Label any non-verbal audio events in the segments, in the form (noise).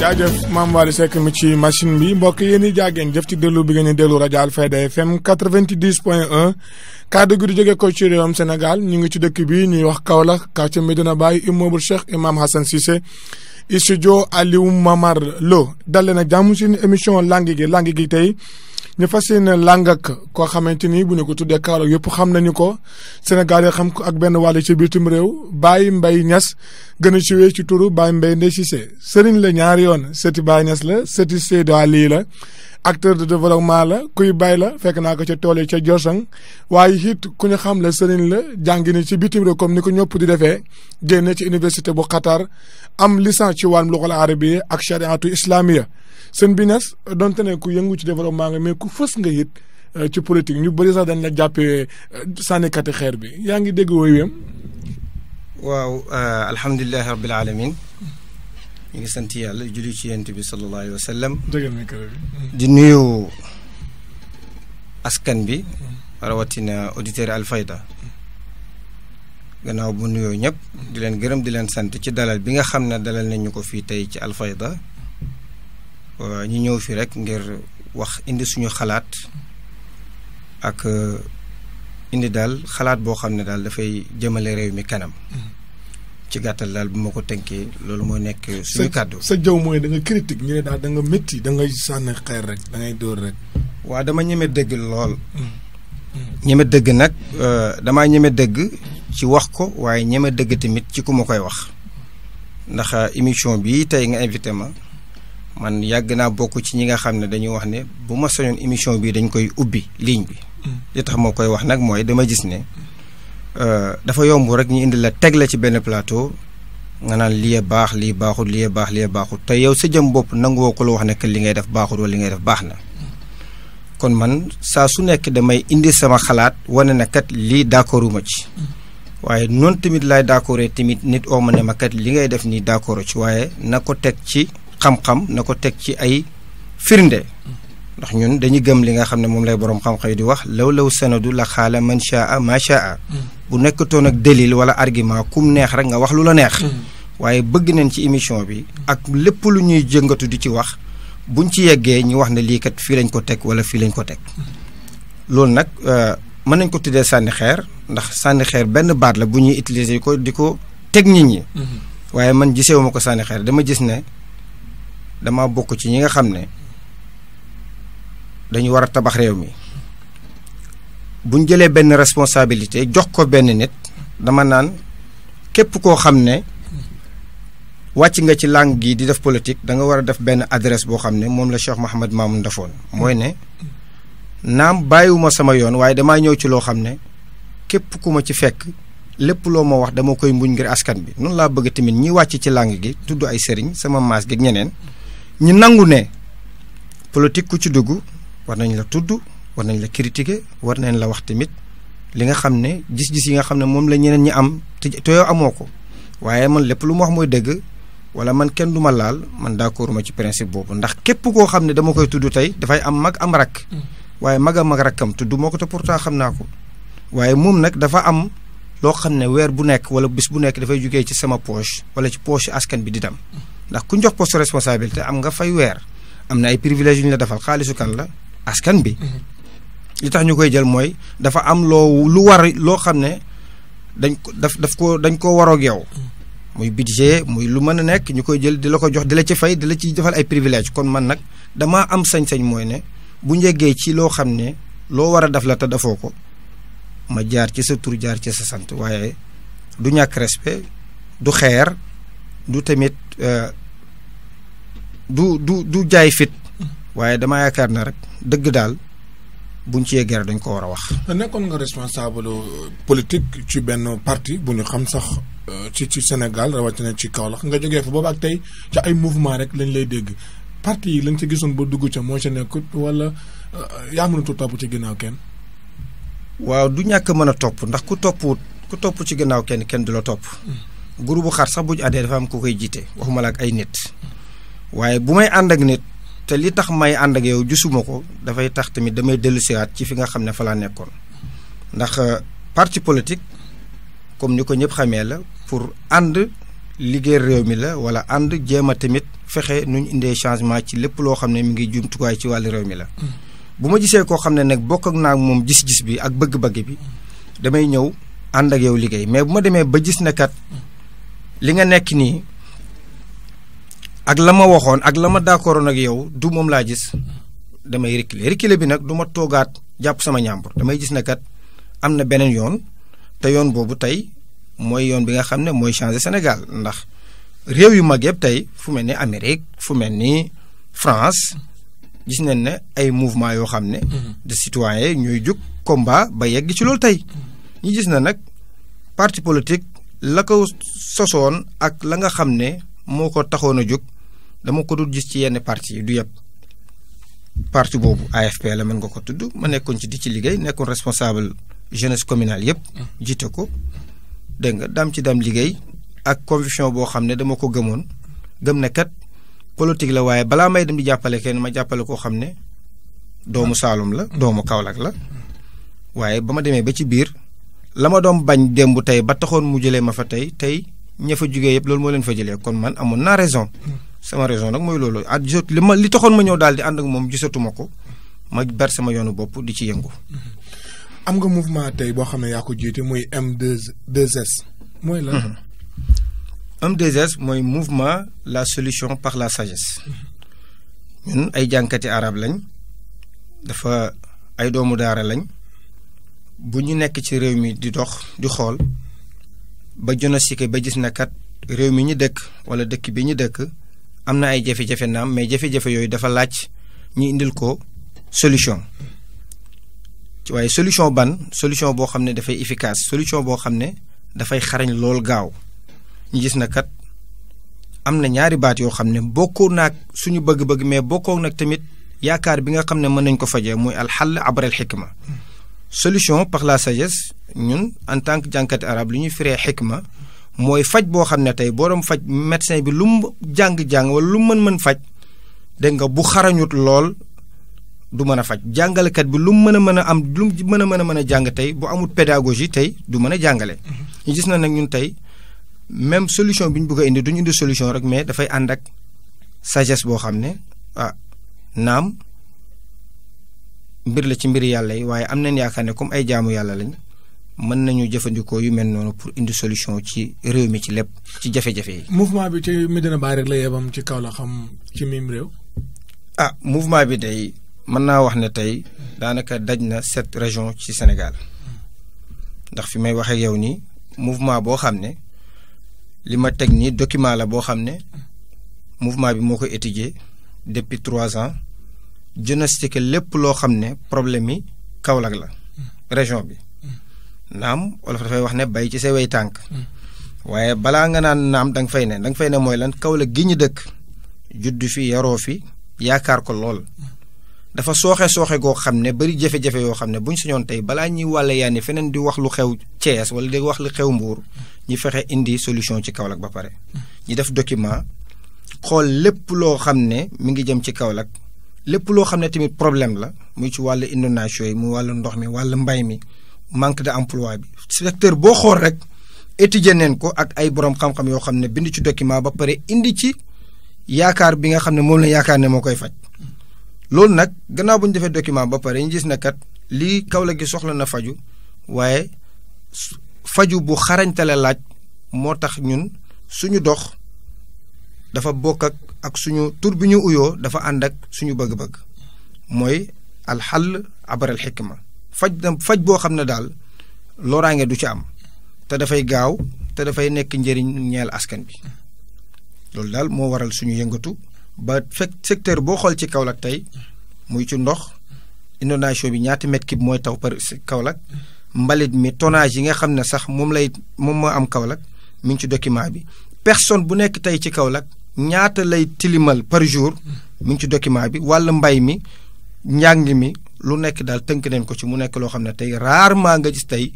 jaajëf maam waali sekk mi ci machine bi mbokk yéen i jaageen jëf ci déglu bi ngeen di déglu rajo Alfayda FM 90 point 1 kaddu gi di jóge ko ci réewam Sénégal ñu ngi ci dëkk bi ñuy wax Kaolack quartier Medina Baye immeuble Cheikh Imam Hassan sise studio Aliou Mamar Lo dal leen ak jàmm si émission langue gi langue gi tey ñu fas yéene làng ak koo xamante ni bu ñu ko tuddee Kaolack yëpp xam nañu ko Sénégal yi xam ko ak benn wàll ci bitim réew Baye Mbaye ñas gën a siiwee ci turu Baye Mbaye Ndeye Cissé sëriñ la ñaari yoon sëti Baye Niass la sëti Seydou Ali la acteur de développement la kuy bay la fekk naa ko ca tool yi ca Jorsang waaye it ku ñu xam la sëriñ la jàngi ni ci bitim réew comme ni ko ñëpp di defee génne ci université bu Qatar am licence ci wàllum luxal arabiya ak chariatu islamiya sëñ bi Niass donte ne ku yëngu ci développement nga mais ku fës nga it euh, ci politique ñu bëri sax dañ la jàppee euh, sànnikati xeer bi yaa ngi dégg wooy wem waaw euh, alhamdulilahi rabbil alamin ñu ngi sant yàlla julli ci yent bi sallallahu alayhi wa sallam di nuyu askan bi rawatina auditeur Alfayda gannaaw bu nuyoo ñëpp di leen gërëm di leen sant ci dalal bi nga xam ne dalal ñu ko fii tey ci Alfayda Euh, ñu ñëw fi rek ngir wax indi suñu xalaat ak euh, indi daal xalaat boo xam ne daal dafay jëmale réew mi kanam. Mm-hmm. ci gàttal daal bu ma ko tënkee loolu mooy nekk suñu kàddu. sa jaww mooy da nga ñu ne daal da nga métti da nga sànni xeer rek da ngay dóor rek. waa dama ñeme dëgg lool. Mm-hmm. ñeme dëgg nag euh, damaa ñeme dëgg ci wax ko waaye ñeme dëgg tamit ci ku ma koy wax ndax émission bii tey nga invité ma. man yàgg naa bokk ci ñi nga xam ne dañuy wax ne bu ma soñoon émission bii dañ koy ubbi ligne bi. Mm. li tax moo koy wax nag mooy dama gis ne euh, dafa yomb rek ñu indi la teg la ci benn plateau nga naan lii baax lii baaxul lii baax lii baaxul te yow sa jëm bopp nanguwoo ko la wax ne que li ngay def baaxul wala li ngay def baax na. kon man saa su nekk damay indi sama xalaat wane na kat lii d'accorduma ci. Mm. waaye noon tamit lay d'accordé tamit nit oo ma ne li ngay def nii d'accord ci waaye na ko teg ci. xam-xam na ko teg ci ay firnde ndax ñun dañuy gëm li nga xam ne moom lay borom xam-xam yi di wax law law sanadu la xaala man shaa ma shaa bu nekkatoon ak délil wala argument kum neex rek nga wax lu la neex waaye bëgg nañ ci émission bi ak lépp lu ñuy jëngatu di ci wax buñ ci yeggee ñu wax ne lii kat fii lañ ko teg wala fii lañ ko teg loolu nag euh, mën nañ ko tuddee sànni xeer ndax sànni xeer benn baat la bu ñuy utiliser ko di ko teg nit ñi mm-hmm. waaye man gisewu ma ko sànni xeer dama gis ne dama bokk ci ñi nga xam ne dañu war a tabax réew mi buñ jëlee benn responsabilité jox ko benn nit dama naan képp koo xam ne wàcc nga ci langue gi di def politique danga war a def benn adresse boo xam ne moom la Cheikh Mouhamed Mamoun defoon mooy ne naam bàyyiwuma sama yoon waaye damaa ñëw ci loo xam ne képp ku ma ci fekk lépp loo ma wax dama koy mbuñ ngir askan bi noonu laa bëgg tamit ñi wàcc ci langue gi tudd ay sëriñ sama maas gi ñeneen ñi nangu ne politique ku ci dugg war nañ la tudd war nañ la critiquer war nañ la wax tamit li nga xam ne gis-gis yi nga xam ne moom la ñeneen ñi am te yow amoo ko waaye man lépp lu ma wax mooy dëgg wala man kenn du ma laal man d'accord ma ci principe boobu ndax képp koo xam ne dama koy tudd tey dafay am mag am rakk. Mm. waaye mag a mag rakkam tudd moo ko te pourtant xam naa ko waaye moom nag dafa am. loo xam ne weer bu nekk wala bis bu nekk dafay jógee ci sama poche wala ci poche askan bi di dem mm. ndax ku njox poste responsabilité am nga fay weer am na ay privilèges yu ñu la defal xaalisu kan la askan bi. Mm-hmm. li tax ñu koy jël mooy dafa am loo lu war loo xam ne dañ ko daf daf ko dañ koo waroog yow. Mm-hmm. muy budget muy lu mën a nekk ñu koy jël di la ko jox di la ci fay di la ci defal ay privilèges kon man nag damaa am sañ-sañ mooy ne bu njëggee ci loo xam ne loo war a def la te defoo ko ma jaar ci sa tur jaar ci sa sant waaye du ñàkk respect du xeer du tamit. Euh, du du du jaay fit mm-hmm. waaye dama yaakaar ne rek dëgg daal buñ ci yeggee dañ ko war a wax. nekkoon nga responsable politique ci benn parti bu ñu xam sax euh, ci ci Sénégal rawatina ci Kaolack nga jógee fa boobu ak tey ca ay mouvement rek lañ lay dégg parti yi lañ ci gisoon ba dugg ca moo ca nekkut wala euh, yaa mënatu topp ci ginnaaw kenn. waaw du ñàkk mën a topp ndax ku topp ku topp ci ginnaaw kenn kenn du la topp. Mm. groupe xar sax bu ñu àndee dafa am ku koy jiite waxuma la ak ay nit waaye bu may ànd ak nit te li tax may ànd ak yow gisuma ko dafay tax tamit damay dellusiwaat ci fi nga xam ne fa laa nekkoon ndax euh, parti politique comme ni ko ñëpp xamee la pour ànd liggéey réew mi la wala ànd jéem a tamit fexe nu ñu indee changement ci lépp loo xam ne mi ngi jumtukaay ci wàllu réew mi la. Mm. bu ma gisee koo xam ne nag bokk ak naa moom gis-gis bi ak bëgg-bëgg bi damay ñëw ànd ak yow liggéey mais ma demee ba gis li nga nekk nii ak la ma waxoon ak la ma d'accordoon ak yow du moom laa gis damay reculer reculer bi nag du ma toogaat jàpp sama ñàmbur damay gis na kat am na beneen yoon te yoon boobu tey mooy yoon bi nga xam ne mooy changer senegal ndax réew yu mag yëpp tey fu mel ni Amérique fu mel ni France gis nañ ne ay mouvement yoo xam ne. Mm-hmm. de citoyens ñooy jug combat ba yegg ci loolu tey. ñu gis na nag parti politique. la ko sosoon ak la nga xam ne moo ko taxoon a jóg dama ko dul gis ci yenn parti yi du yëpp parti boobu AFP la mën nga ko tudd ma nekkoon ci di ci liggéey nekkoon responsable jeunesse communale yëpp jiite ko dégg nga daam ci daam liggéey ak conviction boo xam ne dama ko gëmoon gëm ne kat politique la waaye balaa may dem di jàppale kenn ma jàppale koo xam ne doomu Saalum la doomu Kaolack la waaye ba ma demee ba ci biir la ma doom bañ démb tey ba taxoon mu jëlee ma fa tey tey ña fa jugee yëpp loolu moo leen fa jëlee kon man amoon naa raison. sama raison nag mooy loolu ah gisatu li ma li taxoon ma ñëw daal di ànd ak moom gisatu ko ma ber sama yoonu bopp di ci yëngu. am nga mouvement tey boo xam ne yaa ko jiite muy M2S. mooy lan. Mhm. m mooy mouvement la solution par la sagesse. ñun ay jànkati arab lañ dafa ay doomu daara lañ. bu ñu nekk ci réew mi di dox di xool ba jonosike ba gis na kat réew mi ñu dëkk wala dëkk bi ñu dëkk am na ay jafe-jafe naam mais jafe-jafe yooyu dafa laaj ñu indil ko solution waaye solution ban solution boo xam ne dafay efficace solution boo xam ne dafay xarañ lool gaaw ñu gis na kat am na ñaari baat yoo xam ne bokkoo naag suñu bëgg-bëgg mais bokkoo nag tamit yaakaar bi nga xam ne mën nañ ko fajee muy alxal abral xikma solution par la sagesse ñun en tant que jànkati arab lu ñuy firee xikma mooy faj boo xam ne tey boroom faj médecin bi lu mu jàng-jàng wala lu mën-mën faj dégg nga bu xarañut lool du mën a faj jàngalekat bi lu mu mën a mën a am lu mu mën a mën a mën a jàng tey bu amul pédagogie tey du mën a jàngale ñu gis na nag ñun tey même solution bi ñu bëgg indi du ñu indi solution rek mais dafay ànd ak sagesse boo xam ne ah, naam mbir la ci mbir yàlla yi waaye am nañ yaakaar ne comme ay jaamu yàlla lañ mën nañu jëfandikoo yu mel noonu pour indi solution ci réew mi ci lépp ci jafe-jafe yi. mouvement bi ci Medina Baye rek ci kaw xam ci mim réew. Ah, mouvement bi day mën naa wax ne tey daanaka daj na set région ci Sénégal ndax fi may waxee yow nii mouvement boo xam ne li ma teg nii document la boo xam ne mouvement bi moo ko étudier depuis trois ans. diagnostiqué lépp loo xam ne problème yi Kaolack la région bi naam wolof dafay wax ne bay ci sa wey tànk waaye balaa nga naan naam da nga fay ne danga fay ne mooy lan Kaolack gi ñu dëkk juddu fi yaroo fi yaakaar ko lool dafa sooxe sooxe goo xam ne bari jafe-jafe yoo xam ne ñu suñoon tey balaa ñuy wàlle yaa ni feneen di wax lu xew Thiès wala di wax lu xew mbuur ñi fexe indi solution ci Kaolack ba pare ñi def document xool lépp loo xam ne mi ngi jëm ci Kaolack lépp loo xam ne tamit problème la muy ci wàllu inondation yi mu wàllu ndox mi wàllu mbay mi manque de emploi bi secteur boo xool rek étudier neen ko ak ay boroom xam-xam yoo xam ne bind ci document ba pare indi ci yaakaar bi nga xam ne moom la yaakaar ne moo koy faj loolu nag gannaaw bu ñu defee document ba pare ñu gis ne kat lii Kaolack gi soxla na faju waaye faju bu xarañtale laaj moo tax ñun suñu dox dafa bokk ak ak suñu tur bi ñu uyoo dafa ànd ak suñu bëgg-bëgg mooy alxal abaral xikma faj da faj boo xam ne daal loraange du ci am te dafay gaaw te dafay nekk njëriñ ñeel askan bi loolu daal moo waral suñu yëngatu ba fekk secteur boo xool ci Kaolack tey muy ci ndox inondation bi ñaati mètre cube mooy taw par Kaolack mbalit mi tonnage yi nga xam ne sax moom lay moom moo am Kaolack mu ngi ci document bi personne bu nekk tey ci Kaolack ñaata lay tilimal par jour mu ngi ci document bi walla mbay mi njàng mi lu nekk daal tënk neen ko ci mu nekk loo xam ne tey rarement nga gis tey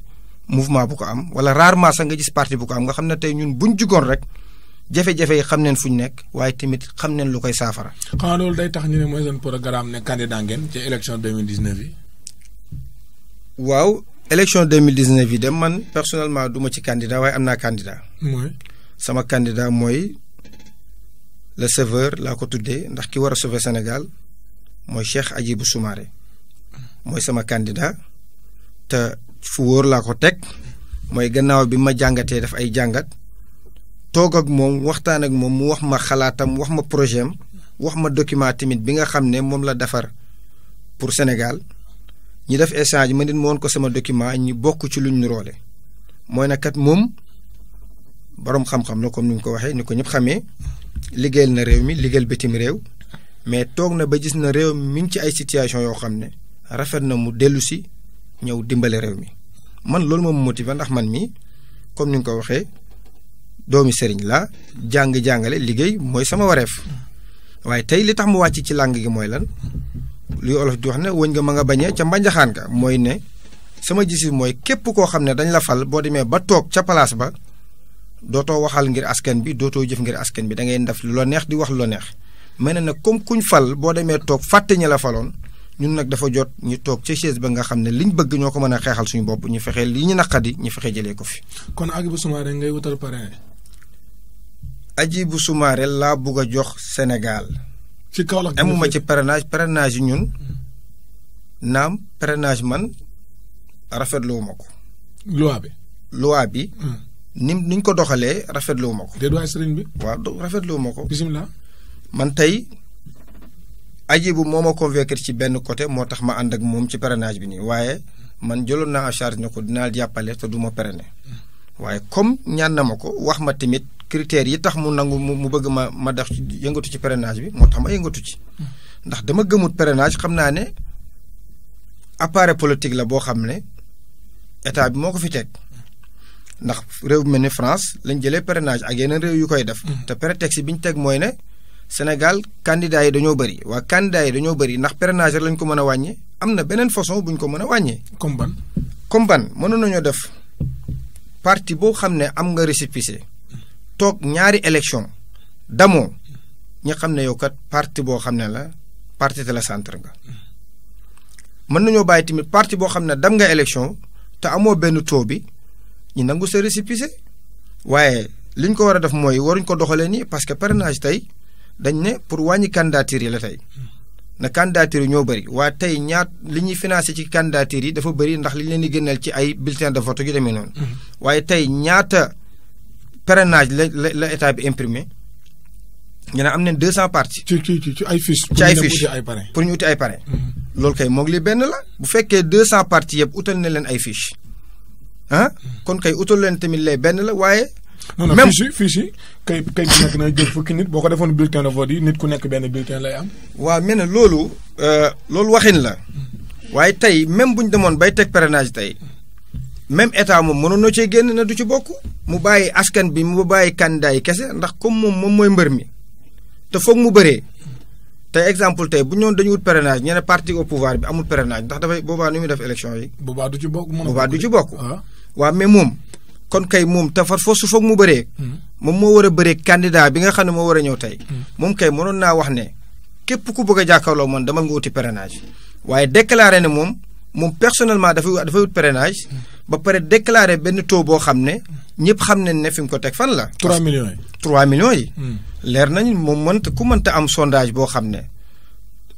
mouvement bu ko am walla rarement sax nga gis parti bu ko am nga xam ne tey ñun buñ jugoon rek jafe-jafe yi xam neen fu ñu nekk waaye tamit xam neen lu koy saafara. xanaa loolu day tax ñu ne mooy seen programme ne candidat ngeen ci élection 2019 yi. waaw élection 2019 yi de man personnellement du ma ci candidat waaye am naa candidat. mooy sama candidat mooy. le sauveur laa ko tuddee ndax ki war sauver Sénégal mooy Cheikh Hadjibou Soumaré mooy sama candidat te fu wóor laa ko teg mooy gannaaw bi ma jàngatee def ay jàngat toog ak moom waxtaan ak moom mu wax ma xalaatam wax ma projet wax ma document tamit bi nga xam ne la pour Sénégal ñi def échange ma nit ma woon ko sama document ñu bokk ci luñ ñu roole mooy kat borom xam-xam la comme ni ko ni ko liggéeyal na réew mi liggéeyal bitim réew mais toog na ba gis na réew mi mi ci ay situation yoo xam ne rafet na mu dellu si ñëw dimbale réew mi man loolu moom ba ndax man mii comme ni nga ko waxee doomi sëriñ la jàng jàngale liggéey mooy sama wareef waaye tey li tax mu wàcc ci làng gi mooy lan luy olof di wax ne wëñ nga ma nga bañee ca mbanjaxaan ga mooy ne sama gis mooy képp koo xam ne dañ la fal boo demee ba toog ca palaas ba doto waxal ngir asken bi doto jëf ngir asken bi da ngay ndaf lo neex di wax lo neex mene na kuñ fal bo demé tok faté ñala falon ñun nak dafa jot ñu tok ci chaise ba nga xamné ne liñ bëgg ñoko mëna xéxal suñu bop ñu fexé li ñu naqadi ñu fexé jëlé ko fi. kon agibu sumaré ngay wutal parrain. agibu sumaré la bëgga jox Sénégal. ci Kaolack amuma ci parrainage parrainage ñun hmm. nam parrainage man rafetluwuma mako loi bi loi bi. Hmm. ni ni ñu ko doxalee rafetluwu ma ko. déedéet waay bi. waaw do rafetluwu ma ko. bisimilah. man tey ajibu moo ma convaincre ci benn côté moo tax ma ànd ak moom ci parrainage bi nii waaye man jëloon naa en charge ne ko dinaa jàppale te du ma parrainé waaye comme ñaan na ma ko wax ma tamit critères yi tax mu nangu mu bëgg ma ma def yëngatu ci parrainage bi moo tax ma yëngatu ci. ndax dama gëmut parrainage xam naa ne appareil politique la boo xam ne état bi moo ko fi teg. ndax réew bu mel ni France lañ jëlee parrainage ak yeneen réew yu koy def. Mm-hmm. te prétexte bi ñu teg mooy ne Sénégal candidats yi dañoo bëri waa kandidaa yi dañoo bëri ndax parrainage rek lañ ko mën a wàññi am na beneen façon bu ñu ko mën a wàññee. comme ban comme ban mënoon nañoo def parti boo xam ne am nga récépissé toog ñaari élection damoo ñi xam ne yow kat parti boo xam ne la parti de la centre nga. Mm-hmm. mën nañoo bàyyi tamit parti boo xam ne dam nga élection te amoo benn taux bi. ñi nangu sa récipicé waaye liñ ko war a def mooy waruñ ko doxalee nii parce que parrainage tey dañ ne pour wàññi candidature yi la tey na candidature yi ñoo bëri waaye tey ñaat li ñuy financé ci candidature yi dafa bëri ndax li leen di génneel ci ay bulletin de vote gi demee noonu. Mm-hmm. waaye tey ñaata parrainage la la la état bi imprimé. ñu ne am nañ deux cent parties. ci ci ci ay fiches. ci ay fiches pour ñu uti ay parrain. Mm-hmm. loolu kay moog li benn la. bu fekkee deux cent parties yëpp utal na leen ay fiches. ah kon kay utal leen tamit lay benn la waaye. même fii si fii si kay kay bi nekk na jël fukki nit boo ko defoon bulletin de vote yi nit ku nekk benn bulletin lay am. waa mais nag loolu. Euh, loolu waxin la. waaye tey même bu ñu demoon bay teg parrainage tey même état moom mënoon na cee génn na du ci bokk. mu bàyyi askan bi mu bàyyi candidat yi kese ndax comme moom moom mooy mbër mi te foog mu bëree. tey exemple tey bu ñoon dañu wut parrainage ñu ne parti au pouvoir bi amul parrainage ndax dafay boobaa nu muy def élection yi. boobaa du ci bokk boobaa du ci bokk. Ah. waaw mais moom kon kay moom tafar foo su foog mu bëree. Hmm. moom moo war a bëree candidat bi nga xam ne moo war a ñëw tey. Hmm. moom kay mënoon naa wax ne képp ku bëgg a jàkkaarloo man dama nga wuti parrainage waaye déclaré ne moom moom personnellement dafay dafay wut parrainage hmm. ba pare déclaré benn taux boo xam ne ñëpp xam ne ne fi mu ko teg fan la. 3 millions yi 3 millions yi. leer nañu moom mënta ku mënta am sondage boo xam ne.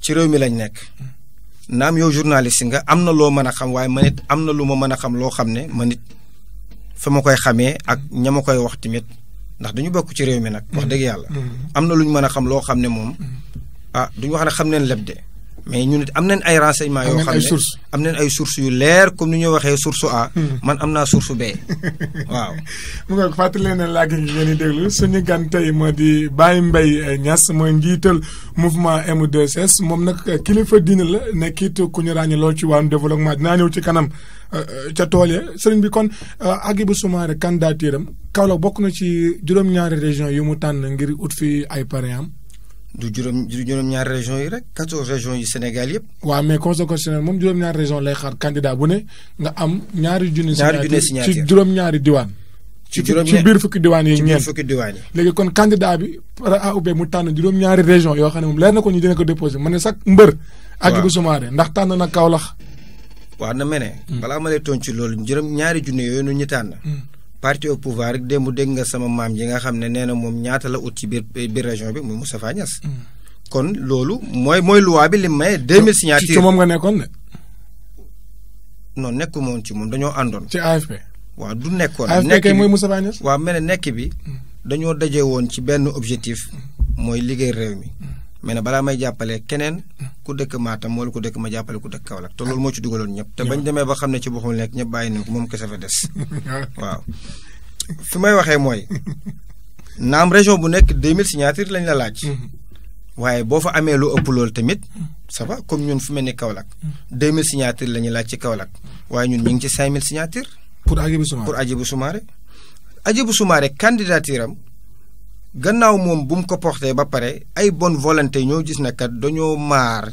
ci réew mi lañ nekk naam yow journaliste nga am na loo mën a xam waaye man it am na lu ma mën a xam loo xam ne man it fa ma koy xamee ak ñama koy wax tamit ndax dañu bokk ci réew mi nag. wax dëgg yàlla. Mm-hmm. am na lu ñu mën a xam loo xam ne moom. Mm-hmm. ah duñu wax ne xam neen leb de mais ñun it am nañ ay renseignements yoo xam ne am nañ ay sources yu leer comme ni ñu waxee source A. Hmm. man am na source B (laughs) waaw. mu nga fàttali leen ne laaj yi ngeen di déglu suñu gan tey moo di Baye Mbaye Niass mooy njiital mouvement M2S moom nag kilifa diina la nekkit ku ñu ràññee lool ci wàllum développement dinaa ñëw ci kanam euh, euh, ca tool ya sëriñ bi kon euh, Hadjibou Soumaré candidature am Kaolack bokk na ci juróom-ñaari région yu mu tànn ngir ut fi ay parrain am du juróom du juróom-ñaar régions yi rek quatorze régions yi Sénégal yëpp. waaw mais conseil constitutionnel moom juróom-ñaar région lay xaar candidat bu ne nga am ñaari junni. ñaari signature ci juróom-ñaari diwaan. ci ci biir fukki diwaan yi ñeent fukki léegi kon candidat bi par A ou B mu tànn juróom-ñaari région yoo xam ne moom leer na ko ñu dina ko déposé ma ne sax mbër. waaw ak bu sumaare ndax tànn na Kaolack. waaw na mel ne. Hmm. balaa ma lay tontu loolu juróom-ñaari junni yooyu ñu tànn. Hmm. parti au pouvoir rek démb dégg nga sama maam yi nga xam ne nee na moom ñaata la ut ci biir biir région bi muy Moustapha Niass. Mm. kon loolu mooy mooy loi bi li maye. 2000 signatures ci moom nga nekkoon ne. non nekkuma woon ci moom dañoo àndoon. ci AFP. waaw du nekkoon. AFP kay mooy mu Moustapha Niass. waaw mel ne nekk bi mm. dañoo daje woon ci benn objectif mm. mooy liggéey réew mi. mais nag balaa may jàppale keneen ku dëkk Matam wala ku dëkk ma jàppale ku dëkk Kaolack te loolu moo ci dugaloon ñëpp. te bañ demee ba xam ne ci boppam nekk ñëpp bàyyi nañ moom kese fa des. (laughs) waaw fi may waxee mooy naam région bu nekk 2000 signature lañ la laaj. Mm-hmm. waaye boo fa amee lu ëpp loolu tamit mm-hmm. ça va ñun fu mel ni Kaolack. 2000 mm-hmm. signature la ñuy laaj ci Kaolack waaye ñun ñu ngi ci 5000 signature. pour Hadjibou Soumaré pour Hadjibou Soumaré. Hadjibou Soumaré candidature am. gannaaw moom bu mu ko porté ba pare ay bon volonté ñoo gis ne kat dañoo maar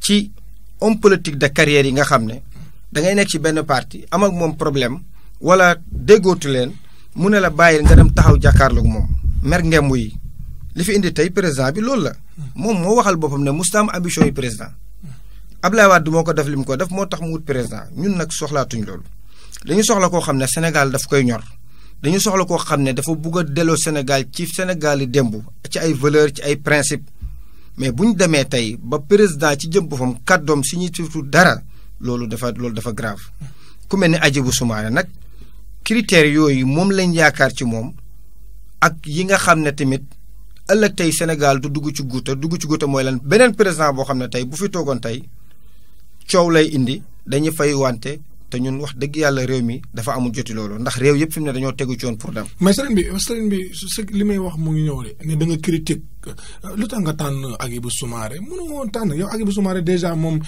ci homme politique de carrière yi nga xam ne da nekk ci benn parti am ak moom problème wala déggootu leen mu ne la bàyyil nga dem taxaw jàkkaarloog moom mer ngemb yi li fi indi tey président bi loolu la moom moo waxal boppam ne musta am ambition yi président Abdoulaye du moo ko def li mu ko def moo tax mu wut président ñun nag soxlaatuñu loolu dañu soxla koo xam ne Sénégal daf koy ñor dañu soxla koo xam ne dafa bugg a delloo Sénégal ci Sénégal yi démb ci ay valeur ci ay principe mais bu ñu demee tey ba président ci jëm boppam kàddoom si ñuy surtout dara loolu dafa loolu dafa grave ku mel ne bu Soumaré nag critères yooyu moom lañ yaakaar ci moom ak yi nga xam ne tamit ëllëg tey Sénégal du dugg ci guuta dugg ci guuta mooy lan beneen président boo xam ne tey bu fi toogoon tey coow lay indi dañuy fay wante te ñun wax dëgg yàlla réew mi dafa amul joti loolu ndax réew yëpp fi ne dañoo tegu ci woon pour dem. mais sëriñ bi sëriñ bi su li may wax mu ngi ñëw de ne da nga critique lu tax nga tànn Hadjibou Soumaré mënoo tànn yow Hadjibou Soumaré dèjà moom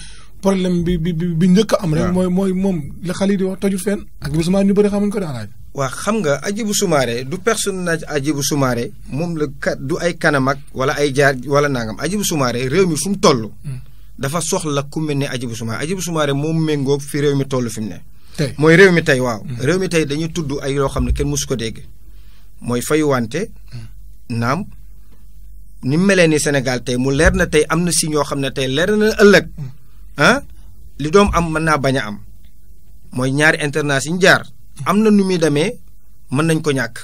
problème bi bi bi njëkk am rek. mooy mooy moom la xale yi di wax toju fenn. Hadjibou Soumaré ñu bëri xamuñ ko daal waa xam nga Hadjibou Soumaré du personnage Hadjibou Soumaré moom la ka du ay kanam ak wala ay jaar wala nangam Hadjibou Soumaré réew mi fu mu toll. Hmm. dafa soxla ku mel ne Hadjibou Soumaré Hadjibou Soumaré moom méngook fi réew mi toll fi mu ne. tey mooy réew mi tey waaw. Mm-hmm. réew mi tey dañuy tudd ay loo xam ne kenn mësu ko dégg mooy fayuwante mm-hmm. naam ni mu melee ni Sénégal tey mu leer na tey am na si ñoo xam ne tey leer na ëllëg mm-hmm. ah li doom am mën naa bañ a am mooy ñaari internat yi jaar. am na nu muy demee mën nañ ko ñàkk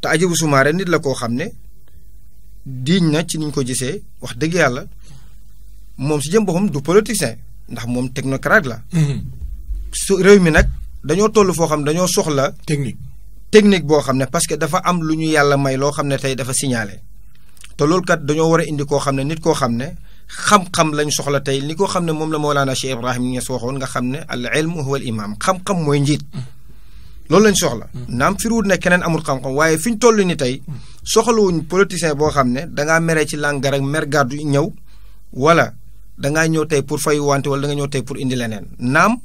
te Hadjibou Soumaré nit la koo xam ne diiñ na ci niñ ko gisee wax dëgg yàlla. moom si jëm boppam du politicien ndax moom technocrate la. Mhm. su réew mi nag dañoo toll foo xam ne dañoo soxla. technique technique boo xam ne parce que dafa am lu ñu yàlla may loo xam ne tey dafa te loolu kat dañoo war a indi koo xam ne nit koo xam ne xam-xam lañ soxla tey li ko xam ne moom la Mawlana Cheikh Ibrahim Niass waxoon nga xam ne al ilmu huwa al imam xam-xam mooy njiit. Mhm. loolu lañ soxla. Mhm. naam firiwut ne keneen amul xam-xam waaye fi ñu toll ni tey soxlawuñ politicien boo xam ne dangaa meree ci làngar ak mer gàddu ñëw wala. dangaa ñëw tey pour fay wante wala danga ñëw tey pour indi leneen naam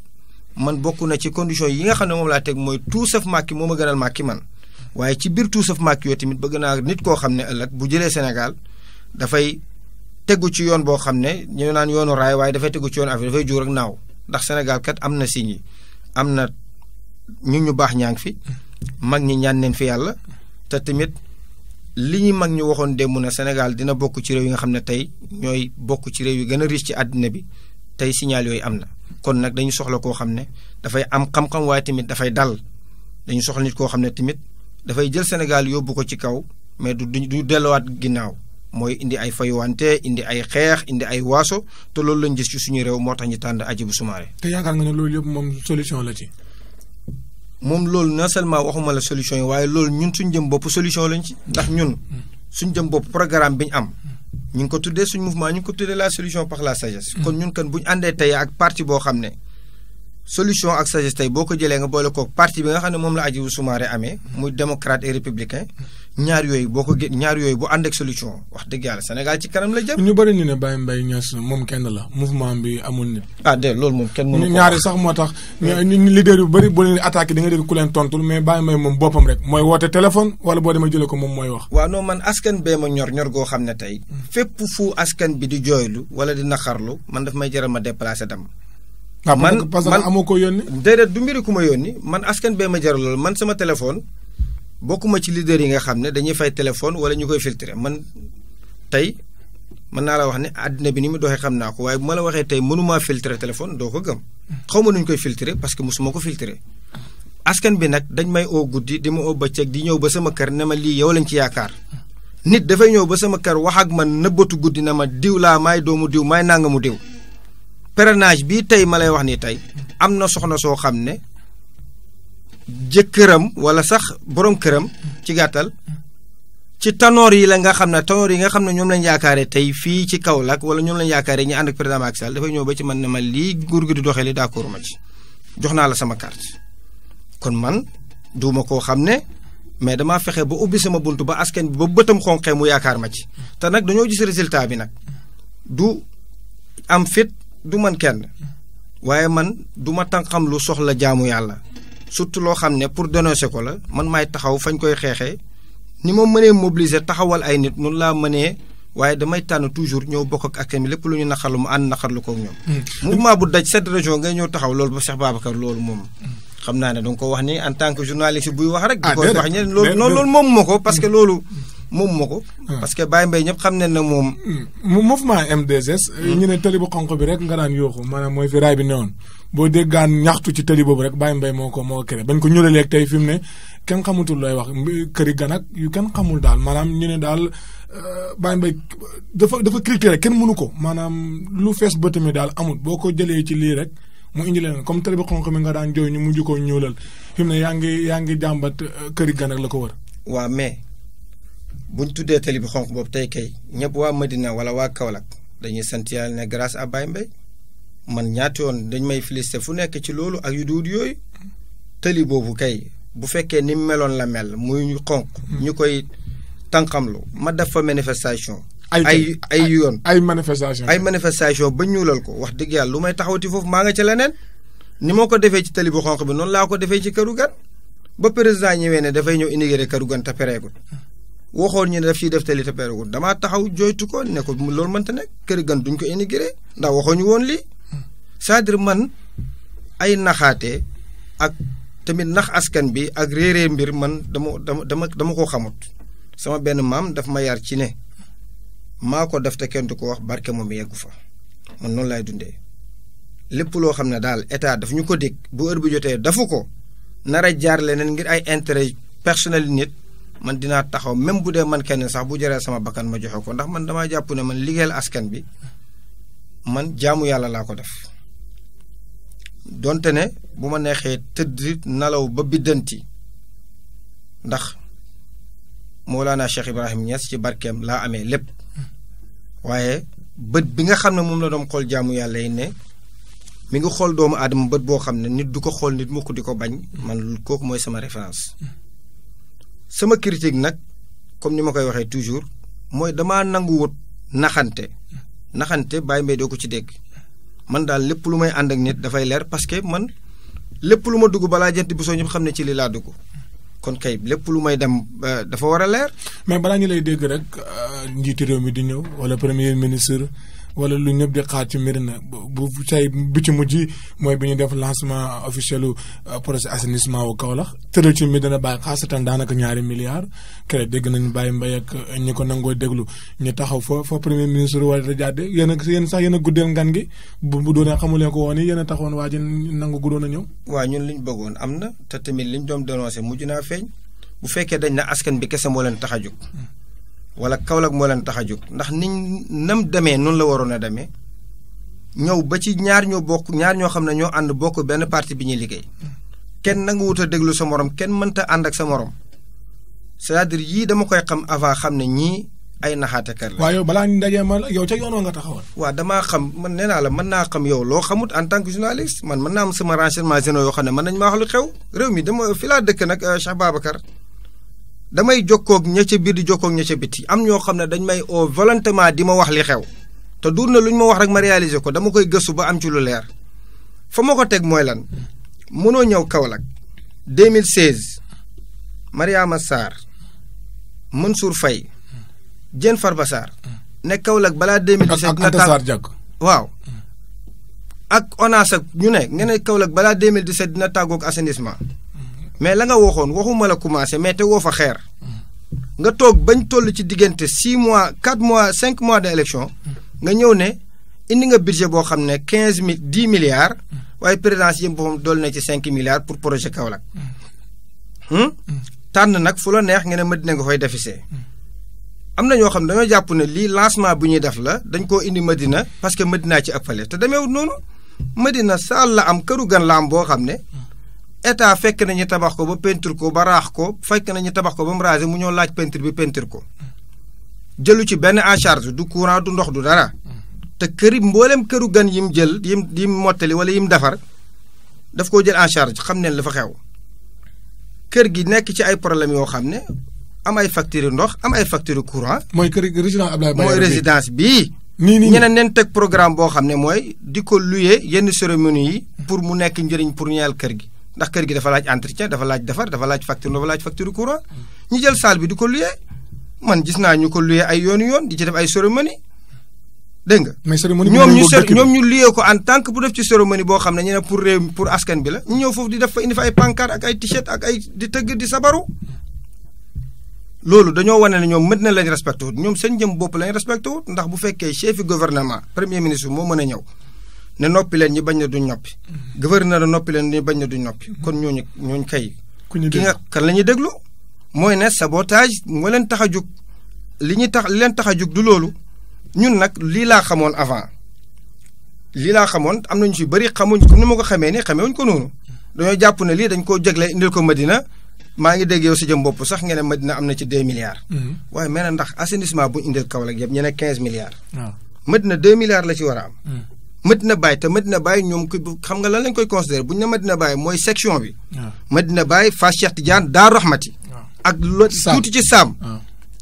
man bokk na ci condition yi nga xam ne moom laa teg mooy tout sauf Macky moo ma gënal Macky man waaye ci biir tout sauf Macky tamit bëgg naa nit koo xam ne ëllëg bu jëlee Sénégal dafay tegu ci yoon boo xam ne ñu naan yoonu raay waaye dafay tegu ci yoonu affaire dafay juur ak naaw ndax Sénégal kat am na signes yi am na ñu ñu baax ñaa ngi fi mag ñi ñaan neen fi yàlla te tamit li ñu mag ñu waxoon démb na Sénégal dina bokk ci réew yi nga xam ne tey ñooy bokk ci réew yi gën a riche ci àddina bi tey signal yooyu am na kon nag dañu soxla koo xam ne dafay am xam-xam waaye tamit dafay dal dañu soxla nit koo xam ne tamit dafay jël Sénégal yóbbu ko ci kaw mais du du delluwaat ginnaaw mooy indi ay fayuwante indi ay xeex indi ay waaso te loolu lañ gis ci suñu réew moo tax ñu tànd Hadjibou Soumaré. te la ci. moom loolu non seulement waxuma la solution waaye loolu ñun suñ jëm boppu solution lañ ci ndax ñun suñ jëm bopp programme bi ñu am ñu ngi ko tuddee suñ mouvement ñu ngi ko tuddee la solution par la sagesse. Mm. kon ñun kan bu ñu àndee tey ak parti boo xam ne solution ak sagesse tey boo ko jëlee nga boole kook parti bi nga xam ne moom la Hadjibou Soumaré amee muy démocrate et républicain ñaar yooyu boo ko ñaar yooyu bu ànd ak solution wax dëgg yàlla Sénégal ci kanam la jëm. ñu bëri ñu ne moom kenn la mouvement bi amul nit. ah de moom kenn mënu ko ñaari moo tax. ñu leader yu bëri boo leen attaqué di nga dégg ku leen tontul mais Baye Mbaye moom boppam rek. mooy woote téléphone wala boo demee jëlee ko moom mooy wax. waaw non man askan bee ma ñor ñor goo xam ne tey. Mm. fépp fu askan bi di jooylu wala di naqarlu man daf may jaral ma déplacé dama. Ah, man parce que amoo ko yónni. deret du mbiri ku ma yónni man askan bee ma jaral loolu man sama téléphone bokkuma ci leader yi nga xam ne dañuy fay téléphone wala ñu koy filtrer man tey mën naa la wax ne àddina bi ni mu doxee xam naa ko waaye bu ma la waxee tey mënumaa filtrer téléphone doo ko gëm. xaw ma nuñ koy filtrer parce que mosuma ko filtrer. askan bi nag dañ may oo guddi di ma oo bëccëg di ñëw ba sama kër ne ma lii yow lañ ci yaakaar. nit dafay ñëw ba sama kër wax ak man nëbbatu guddi na ma diw laa maay doomu diw may naa nga mu diw. parrainage bii tey ma lay wax nii tey am na soxna soo xam ne. jëkkëram wala sax borom këram ci gàttal ci tanoor yi la nga xam ne tanoor yi nga xam ne ñoom lañ yaakaare tey fii ci Kaolack wala ñoom lañ yaakaare ñu ànd ak président Macky Sall dafay ñëw ba ci man ne ma lii nguur gi di doxee li d'accord ci jox naa la sama carte kon man duma koo xam ne mais damaa fexe ba ubbi sama bunt ba askan bi ba bëtam xonqee mu yaakaar ma ci te nag dañoo gis résultat bi nag du am fit du man kenn waaye man du ma tànqam lu soxla jaamu yàlla surtout loo xam ne pour dénoncer ko la man maay taxaw fañ koy xeexee ni ma mënee mobiliser taxawal ay nit noonu laa mënee waaye damay tànn toujours ñëw bokk ak askan lépp lu ñu naxarlu mu ànd naxarlu ko ak ñoom. Hmm. mouvement bu daj sept région ngay ñëw taxaw loolu ba Cheikh Babacar loolu moom. xam naa ne danga ko wax ni en tant que journaliste buy wax rek. di ah, ko wax ñeneen loolu non loolu moom moo ko hmm. parce que loolu. moom moo ko. Ah. parce que Baye Mbaye ñëpp xam ne na moom. Hmm. mouvement m 2 bu xonq bi rek nga daan yooxu maanaam mooy fi raay bi newoon. boo déggaan ñaxtu ci tëli boobu rek bàyyi mbay moo ko moo ko créé bañ ko ñëlaleeg tey fi mu ne kenn xamutul looy wax këri gan ak yu kenn xamul daal maanaam ñu ne daal euh, bàyyi mbay dafa dafa critère kenn mënu ko maanaam lu fees bët mi daal amul boo ko jëlee ci lii rek mu indi leen comme tëli bi xonq mi nga daan jooy ñu mujj koo ñuulal fi mu ne yaa ngi yaa ngi jàmbat euh, këri gan la ko wër. waaw mais buñ tuddee tëli bi xonq boobu tey kay ñëpp waa madina wala waa Kaolack dañuy sant yàlla ne grâce à Baye Mbaye man ñaati yoon dañ may félicité fu nekk ci loolu ak yu duut yooyu tëli boobu kay bu fekkee ni meloon la mel muy ñu xonq hmm. ñu koy tànqamlu ma def fa manifestation ay ay yoon ay manifestation ay manifestation ba ñuulal ko wax dëgg yàlla lu may ti foofu maa nga ca leneen ni moo ko defee ci tëli bu xonq bi noonu laa ko defee ci këru gan ba président ñëwee ne dafay ñëw intégré këru gan te waxoon ñu ne daf ciy def tëli te pareegul damaa taxaw jooytu ko ne loolu mënta ne këru gan duñ ko intégré ndax waxoon ñu woon lii cest dire man ay naxaate ak tamit nax askan bi ak réeree mbir man dama dama dama dama ko xamut sama benn maam daf ma yar ci ne maa ko def te kenn du ko wax barke moom yeggu fa man noonu laay dundee lépp loo xam ne daal état daf ñu ko dégg bu heure bu jotee dafu ko nar a jaar leneen ngir ay intérêt personnel nit man dinaa taxaw même bu dee man kenn sax bu jaree sama bakkan ma joxe ko ndax man damaa jàpp ne man liggéeyal askan bi man jaamu yàlla laa ko def donte ne bu ma neexee tëdd nalaw ba biddanti ndax moo laa naa Cheikh Ibrahim Niass ci barkeem laa amee lépp waaye bët bi nga xam ne moom la doon xool jaamu yàlla yi ne mi ngi xool doomu aadama bët boo xam ne nit du ko xool nit mu ko di ko bañ man kooku mooy sama référence sama critique nag comme ni ma koy waxee toujours mooy damaa nanguwut naxante naxante bàyyi mbay doo ko ci dégg man daal lépp lu may ànd ak nit dafay leer parce que man lépp lu ma dugg balaa jant bi soo ñëpp xam ne ci li laa dugg kon kay lépp lu may dem euh, dafa war a leer. mais balaa ñu lay dégg rek euh, njiitu réew mi di ñëw wala premier ministre. wala lu ñëpp di xaar ci mbir na bu say bi ci mujj mooy bi ñu def lancement officiel lu euh, projet assainissement wu Kaolack tëral ci mbir dana bàyyi tan daanaka ñaari milliards kere dégg nañu bàyyi mbay ak euh, ñi ko nangoo déglu ñu taxaw foo foo premier ministre wala da jàdde yéen a yéen sax yéen a guddeel ngan gi bu bu doonee xamuleen ko woon yi yéen a taxawoon waa ji nangu guddoon a ñëw waaw ñun liñ bëggoon am na te tamit liñ doon dénoncé mujj naa feeñ bu fekkee dañ na askan bi kese moo leen tax wala Kaolack moo leen tax a jóg ndax niñ nam demee noonu la waroon a demee ñëw ba ci ñaar ñoo bokk ñaar ñoo xam ne ñoo ànd bokk benn parti bi ñuy liggéey kenn nangu wut a déglu sa moroom kenn mënta ànd ak sa morom cest dire yii dama koy xam avant xam ne ñii ay naxaatekat la. waaw yow balaa ñu ndaje ma yow ca damaa xam man nee naa la mën naa xam yow loo xamut en tant que man mën naa am sama renseignement généraux yoo xam ne mën nañ maa wax lu xew réew mi dama fi laa dëkk nag euh, Cheikh Babacar. damay jokkook ña ca biir di jokkoog ña ca biti am ñoo xam ne dañ may oo volontairement di ma wax li xew te duur na lu ñu ma wax rek ma ko dama koy gëstu ba am ci lu leer foo ma ko teg mooy lan mënoo ñëw kawlak Kaolack 2016 mën Sarr fay Faye far ba Sarr ne Kaolack balaa 2017 na taal waaw ak ONAS ak ñu ne nga ne Kaolack balaa 2017 dina tàggook assainissement mais la nga waxoon waxuma la commencé mais te woo fa xeer nga toog bañ toll ci diggante six mois quatre mois cinq mois de élection nga ñëw ne indi nga budget boo xam ne quinze mille dix milliards waaye présidence yëpp boppam dool na ci cinq milliards pour projet Kaolack hmm? tànn nag fu la neex nga ne Medina nga koy defisee am na ñoo xam ne dañoo jàpp ne lii lancement bu ñuy def la dañ koo indi Medina parce que Medina ci ëppale te demeewut noonu Medina saal la am këru gan la boo xam ne état fekk nañu tabax ko ba peinture ko ba raax ko fekk nañu tabax ko ba mu mu ñoo laaj pentre bi pentre ko jëlu ci benn en du courant du ndox du dara te këri mboolem këru gan yim jël yim yim mottali wala yim defar daf koo jël en charge xam neen dafa xew kër gi nekk ci ay problème yoo xam ne am ay facture ndox am ay facture courant. mooy kër résidence Ablaye mooy résidence bi nii nii ñeneen neen teg programme boo xam ne mooy di ko luye yenn cérémonie yi. pour mu nekk njëriñ pour ñeel kër gi. ndax kër gi dafa laaj entretien dafa laaj defar dafa laaj facture dafa laaj facture courant ñu jël salle bi di ko luyee man gis naa ñu ko luyee ay yoon yoon di ci def ay cérémonie dégg nga. mais cérémonie ñoom ñu ñoom ñu luyee ko en tant que bu def ci cérémonie boo xam ne ñu pour réew pour askan bi la ñu ñëw foofu di def fa indi fa ay pancarte ak ay t-shirt ak ay di tëgg di sabaru. loolu dañoo wane ne ñoom mën na lañ respecté wut ñoom seen jëm bopp lañ respecté wut ndax bu fekkee chef gouvernement premier ministre moo mën a ñëw ne noppi leen ñu bañ na du noppi. Mm-hmm. gouverneur ne noppi leen ñu bañ na duñ noppi. Mm-hmm. kon ñooñu ñooñu kay. ku ki nga kan la ñuy déglu. mooy ne sabotage moo leen tax a jug li ñuy tax leen tax a jug du loolu ñun nag lii laa xamoon avant lii laa xamoon am nañu ci bëri xamuñ ko ni ma ko xamee nii xamee uñ ko noonu dañoo jàpp na lii dañ koo jégle indil ko Madina maa ngi dégg yow si jëm bopp sax nga ne Madina am na ci deux milliards. Mm-hmm. waaye mel na ndax assainissement bu ñu indil Kaolack yëpp ñu ne quinze milliards. Madina deux milliards la ci war a am. Mm. Medina Baye te Medina Baye ñoom xam nga lan lañ koy considéré bu ñu ne Medina Baye mooy section bi. waaw ah. Medina Baye Fass Cheikh Tidiane Daar Rahmati. Ah. ak lo tuuti ci Saam. Ah.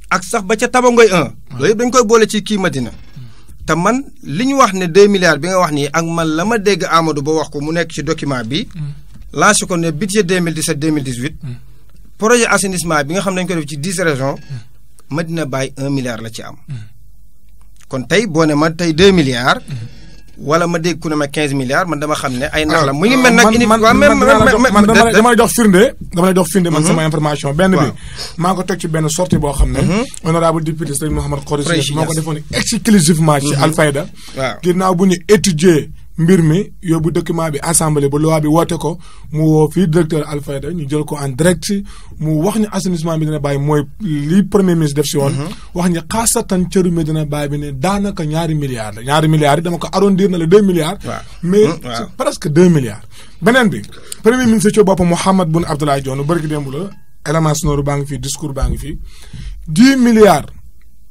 ak sax ba ca Tabangoy loolu yëpp dañ koy boole ci kii Medina. Hmm. te man li ñu wax ne 2 milliards bi nga wax nii ak man la ma dégg Amadou Ba wax ko mu nekk ci document bi. Hmm. lancé ko ne budget 2017 2018. Hmm. projet assainissement bi nga xam ne dañ ko def ci 10 régions. Medina Baye 1 milliard la ci am. kon tey boo ne ma tey 2 milliards. wala ma dégg ku ne ma 15 milliards man dama xam ne ay nax la mu ngi mel nag. man man man dama lay jox firnde. dama lay jox firnde man sama information. benn bi maa ko teg ci benn sortie boo xam ne. honorable député Serigne Mouhamed Khoureyssi moo ko defoon exclusivement ci Alfayda. waaw ginnaaw bu ñu étudier. mbir mi yóbbu document bi assemblée ba loi bi woote ko mu woo fii directeur Alfayda ñu jël ko en direct mu wax ñu assainissement bi dina bàyyi mooy li premier def si woon. Mhm. wax ñu xaasatan cëru mi dina bàyyi bi ne daanaka ñaari milliards la ñaari milliards yi dama ko arrondir na la deux milliards. mais mhm, presque deux milliards. beneen bi premier ministre ci boppam Mouhamed Boun Abdallah Dionne bërki démb la élément sonore baa ngi fi discours baa ngi fi dix milliards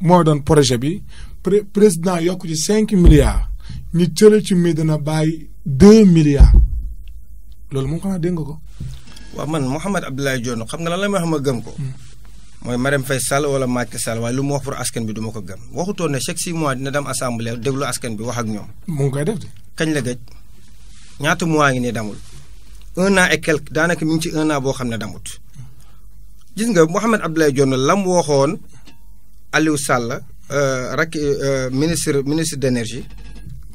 mooy doon projet bi président yokk ci cinq milliards. ñu cëre ci Medina Baye deux milliards loolu moom xanaa dégg nga ko. man Mouhamed Abdoulaye Dione xam nga lan la ma xam a gëm ko. Hmm. mooy Marème Faye Sall wala Macky Sall waaye lu mu wax pour askan bi duma ko gëm waxutoon ne chaque si mois dina dem assemblée déglu askan bi wax ak ñoom. mu ngi koy def de. kañ la gëj ñaata mois ngi ne damul un an et quelque daanaka mi ngi ci un boo xam ne damut gis nga Mouhamed Abdoulaye Dione lam waxoon Aliou Sall euh, rek euh, ministre ministre d' énergie.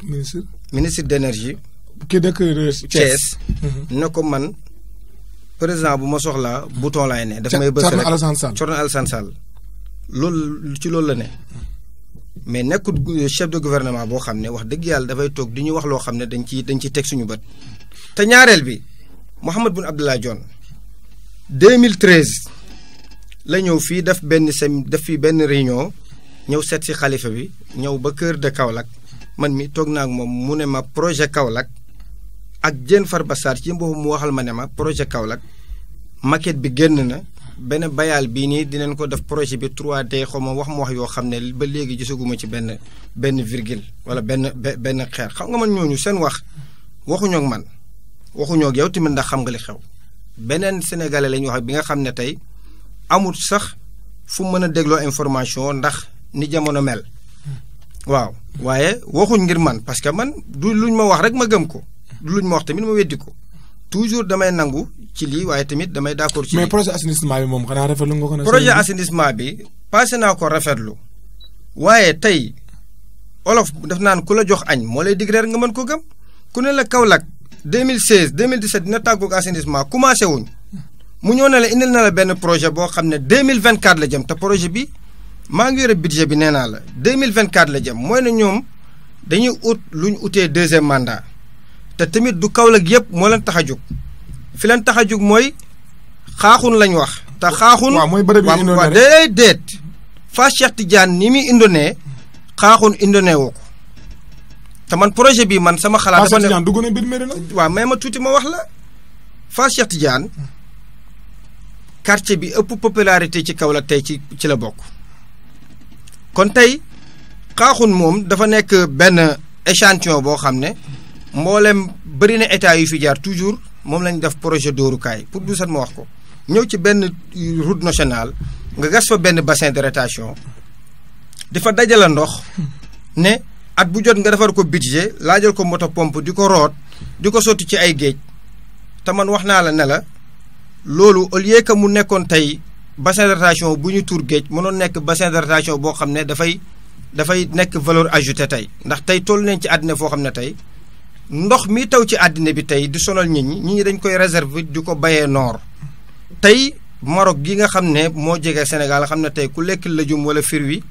ministre. ministre d' énergie. ki mhm. ne ko man président bu ma soxlaa bouton laay ne. daf may bës rek Thierno Alassane Sall Thierno Sall loolu ci loolu la ne. mais nekkul chef de gouvernement boo xam ne wax dëgg yàlla dafay toog di ñu wax loo xam ne dañ ciy dañ ciy teg suñu bët. te ñaareel bi Mouhamed Boun Abdallah Dionne 2013 la ñëw fii def benn sem def fii benn réunion ñëw seet si xalifa bi ñëw ba kër de Kaolack. man mi toog naa ak moom mu ne ma projet Kaolack ak Diène Farba Sarr ci mboobu mu waxal ma ne ma projet Kaolack maquette bi génn na benn bayaal bii nii dinañ ko def projet bi 3D xaw ma wax ma wax yoo xam ne ba léegi gisaguma ci benn benn virgule wala benn benn xeer xam nga man ñooñu seen wax waxuñook man waxuñoo ak yow tamit ndax xam nga li xew beneen sénégalais la ñuy wax bi nga xam ne tey amul sax fu mën a dégloo information ndax ni jamono mel. waaw waaye waxuñ ngir man parce que man du lu ñu ma wax rek ma gëm ko du ñu ma wax tamit ma weddi ko toujours damay nangu ci lii waaye tamit damay d'accord ci mais projet assainissement bi moom xanaa rafetlu nga ko. projet assainissement naa ko rafetlu waaye tey olof daf naan ku la jox añ moo lay dig reer nga mën ko gëm ku ne la Kaolack 2016 2017 dina tàggoog assainissement commencé wuñ mu ñëw ne la indil na la benn projet boo xam ne 2024 la jëm te projet bi. maa ngi yore budget bi nee naa la 2024 la jëm mooy na ñoom dañuy ut lu ñu utee deuxième mandat te tamit du Kaolack yëpp moo leen tax a jóg fi leen tax a jóg mooy xaaxun lañ wax. te xaaxun waaw mooy bërëb yi waaw déedéet Fass Cheikh Tidiane ni muy indonee xaaxun indonee woo ko te man projet bii man sama xalaat. dafa ne Fass Cheikh Tidiane dugg na biir Médina waaw may ma tuuti ma wax la Fass Cheikh Tidiane bi ëpp popularité ci Kaolack tey ci ci la bokk. kon tey xaaxun moom dafa nekk benn échantillon boo xam ne mboolem bëri na état yu fi jaar toujours moom lañ def projet dóorukaay pour du set ma wax ko ñëw ci benn route national nga gas fa benn bassin de rétention dafa dajale ndox ne at bu jot nga defar ko budget laajal ko moto pompe di ko root di ko sotti ci ay géej te man wax naa la ne la loolu au lieu que mu nekkoon tey bassin de bu ñu tuur géej mënoon nekk bassin de boo xam ne dafay dafay nekk valeur ajoutée tey ndax tey toll nañ ci àddina foo xam ne tey ndox mi taw ci àddina bi tey di sonal nit ñi nit ñi dañ koy réserve di ko bayee noor tey Maroc gi nga xam ne moo jege Sénégal xam ne tey ku lekk lëjum wala fir wi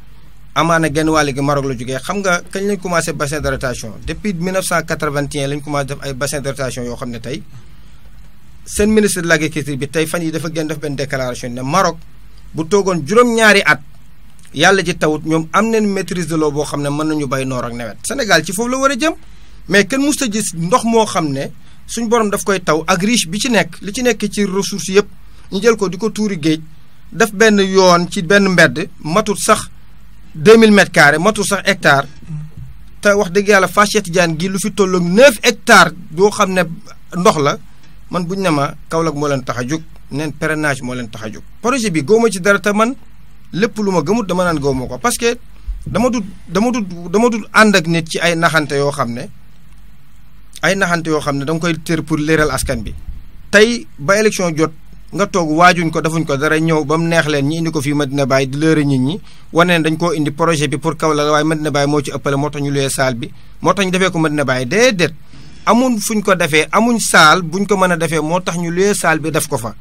amaana genn wàll gi Maroc la jógee xam nga kañ lañ commencé bassin de rétention depuis 1981 lañ commencé def ay bassin de yoo xam ne tey seen ministre de l'agriculture bi tey fan yi dafa gën def benn déclaration ne Maroc bu toogoon juróom-ñaari at yàlla ji tawut ñoom am nañ maîtrise de l'eau boo xam ne mën nañu bay noor ak nawet Sénégal ci foofu la war a jëm mais kenn mus ta gis ndox moo xam ne suñ borom daf koy taw ak riche bi ci nekk li ci nekk ci ressource yëpp ñu jël ko di ko tuuri géej def benn yoon ci benn mbedd matut sax 2000 mètres carrés matut sax hectare te wax dëgg yàlla Fass Cheikh Tidiane gi lu fi tolloog 9 hectares yoo xam ne ndox la man bu ñu ne ma Kaolack moo leen tax a jóg neen parrainage moo leen tax a jóg projet bi góoma ci dara te man lépp lu ma gëmut dama naan góoma ko parce que dama dut dama dut dama ànd ak nit ci ay naxante yoo xam ne ay naxante yoo xam ne da koy tër pour leeral askan bi tey ba élection jot nga toog waajuñ ko defuñ ko dara ñëw ba mu neex leen ñi indi ko fii Medina Baye di lëre nit ñi wane ne dañ koo indi projet bi pour Kaolack waaye Medina Baye moo ci ëppale moo tax ñu luwee bi moo tax ñu defee ko Medina Baye déedéet fu fuñ ko defee amuñ saal buñ ko mën a defee moo tax ñu luyee saal bi def ko fa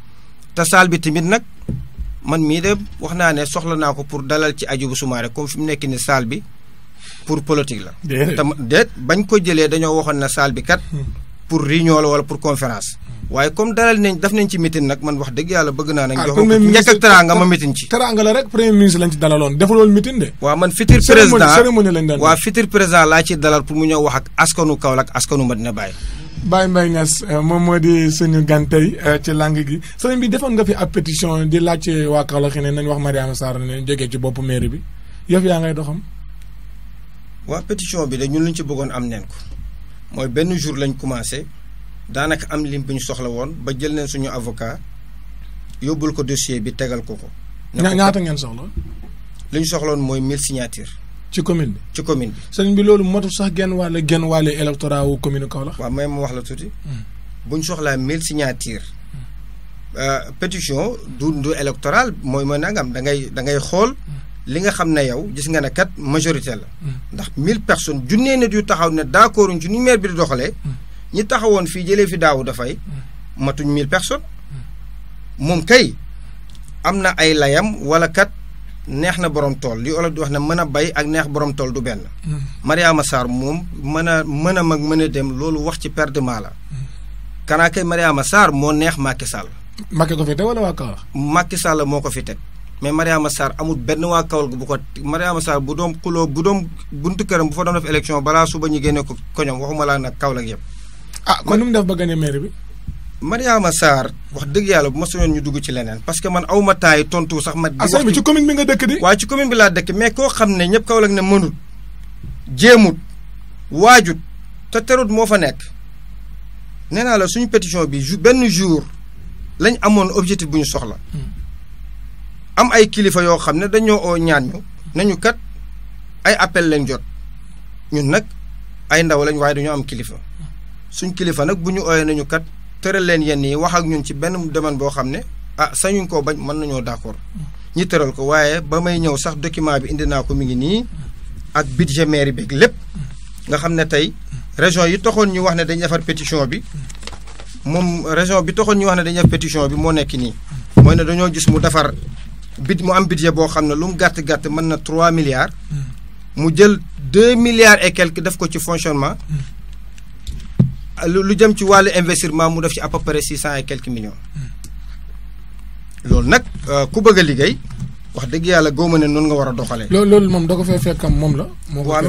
te saal bi tamit nag man mii de wax naa ne soxla naa ko pour dalal ci Hadjibou Soumaré comme fi mu nekk ni saal bi pour politique la. déet bañ ko jëlee dañoo waxoon na saal bi kat. Hmm. pour réunion la wala pour conférence waaye comme dalal nañ def nañ ci meeting nag man wax dëgg yàlla bëgg naa nag ah, jox njëkk ak teraanga ma meeting ci teraanga la rek premier ministre lañ ci dalaloon defuloon meeting de waaw man futur président cérémonie lañ doon waaw futur président laa ci dalal pour mu ñëw wax ak askanu Kaolack askanu Medina Baye Baye Mbaye Niass euh, moom moo euh, gi sëriñ bi defoon nga fi ab pétition di laajte waa Kaolack ne nañ wax Mariama Sarr ne jógee ci bopp mairie bi yëf yaa ngay doxam waa pétition bi de ñun luñ ci bëggoon am neen mooy benn jour lañ commencé daanaka am lim bi ñu soxla woon ba jël neen suñu avocat yóbbul ko dossier bi tegal ko ko. ñaata ngeen soxla. li ñu soxloon mooy mille signature ci commune bi ci commune bi. sëñ bi loolu motu sax genn wàll genn wàll électorat wu commune Kaolack. waaw may ma wax la tuuti. Hmm. bu ñu soxlaa mille signature hmm. euh, pétition du du électoral mooy mooy nangam da dangay da ngay xool. Hmm. li nga xam ne yow gis nga ne kat majorité la. ndax mille personnes junnee nit yu taxaw ne d' accord ñu ni maire bi di doxalee. ñi taxawoon fii jëlee fi daaw dafay. matuñ mille personnes. moom kay am na ay layam wala kat neex na borom tool li olof di wax ne mën a bay ak neex borom tool du benn. Mariama sar moom mën a mën a mag mën a dem loolu wax ci perdement la. kanaa kay Mariama sar moo neex Macky Sall. ko fi teg wala waa Kaolack. Macky Sall moo ko fi teg. mais Mariama Sarr amul benn waa kawal bu ko Mariama Sarr bu doom xuloo bu doom buntu këram bu fa doon def élection balaa suba ñu génne ko koñom waxuma laa nag kawal ak yëpp. ah kon nu mu def ba gagné maire bi. Mariama Sarr wax dëgg yàlla bu ma soñoon ñu dugg ci leneen parce que man aw ma taay tontu sax ma. di ah, wax ci commune bi nga dëkk di. waaye ci commune bi laa dëkk mais koo xam ne ñëpp kawal ne mënut jéemut waajut te terut moo fa nekk nee naa la suñu pétition bi benn jour lañ amoon objectif bu ñu soxla. Hmm. am ay kilifa yoo xam ne dañoo oo ñaan ñu nañu kat ay appel lañ jot ñun nag ay ndaw lañ waaye dañoo am kilifa suñ kilifa nag bu ñu ooyee nañu kat tëral leen yenn yi wax ak ñun ci benn domaine boo xam ne ah sañuñ ko bañ mën nañoo d'accord ñi tëral ko waaye ba may ñëw sax document bi indi naa ko mi ngi nii ak budget mairie beeg lépp nga xam ne tey région yi taxoon ñu wax ne dañu defar pétition bi moom région bi taxoon ñu wax ne dañu def pétition bi moo nekk nii mooy ne dañoo gis mu defar bit mu am budget boo xam ne lu mu gàtt gàtt mën na trois milliards. Hmm. mu jël deux milliards et quelque def ko ci fonctionnement. Hmm. lu jëm ci wàllu investissement mu def ci à peu près six cent et quelques millions. Hmm. loolu nag euh, ku bëgg a liggéey wax dëgg yàlla góoma ne noonu nga war a doxalee. loolu loolu moom da ko fee fekkam moom la. moo ko waaw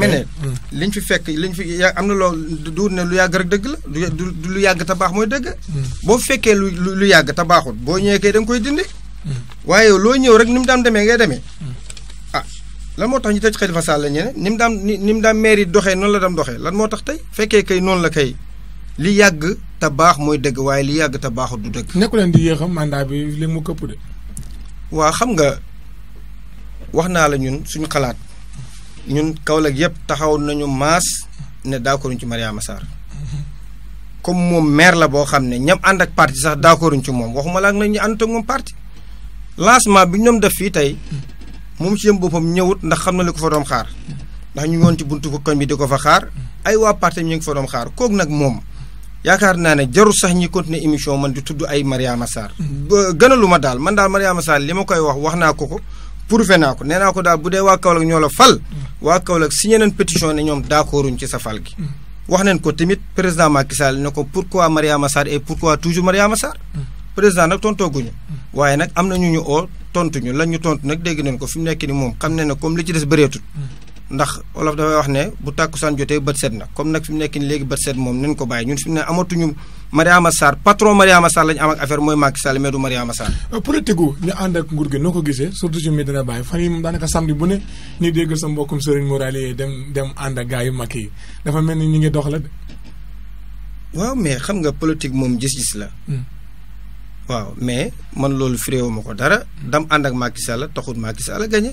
liñ fi fekk liñ fi ya am na loolu du ne lu yàgg rek dëgg la du lu yàgg te baax mooy dëgg. boo fekkee lu lu yàgg te boo ñëwee kay da nga koy dindi. waaye loo ñëw rek ni mu daan demee ngay demee hmm. ah lan moo tax ñu tëj Khalifa Sall la ñeneen ni mu daan ni mu daan meer yi doxee noonu la dam doxee lan moo tax tey fekkee kay noonu la kay li yàgg te baax mooy dëgg waaye li yàgg te baaxut du dëgg. nekku leen di yéexam mandat bi li mu këpp de. waa xam nga wax naa la ñun suñu xalaat ñun Kaolack yëpp taxaw nañu maas ne d'accorduñ ci Mariama Sarr (laughs) comme moom meer la boo xam ne ñam ànd ak parti sax d'accorduñ ci moom waxuma la ak na ñu ànd moom parti. lancement bi ñoom def fii tey moom ci yëm boppam ñëwut ndax xam na li ko fa doon xaar ndax ñu ngi woon ci buntu ko koñ bi di ko fa xaar ay waa parti ñu ngi fa doon xaar kooku nag moom yaakaar naa ne jarul sax ñi continuer émission man di tudd ay Mariama Sarr. gënalu ma daal man daal Mariama Sarr li ma koy wax wax naa ko ko prouvé naa ko nee naa ko daal bu dee waa Kaolack ñoo la fal. waa Kaolack signé nañ pétition ne ñoom d'accorduñ ci sa fal gi. wax nañ ko tamit président Macky Sall ne ko pourquoi Mariama Sarr et pourquoi toujours Mariama Sarr. président nag tontooguñu mm. waaye nag am na ñu ñu oo tontuñu lan ñu tontu nag dégg nañ ko fi mu nekk ni moom xam ne ne comme li ci des bëreetut mm. ndax olof dafay wax ne bu tàkkusaan jotee bët set na comme nag fi mu nekk ni léegi bët set moom nañ ko bàyyi ñun fi mu ne amatuñu Mariama Sarr patron Mariama Sarr lañu am ak mooy Macky Sall mais du euh, ànd ak nguur ko gisee surtout ci Medina Baye fan yi moom sa mbokkum Serigne Morali yi dem dem ànd ak gars dafa mel ni ñu ngi dox la de waaw mais xam nga politique moom gis-gis la mm. waaw mais man loolu firéewu ma ko dara dam ànd ak Macky Sall taxul Macky Sall gagné.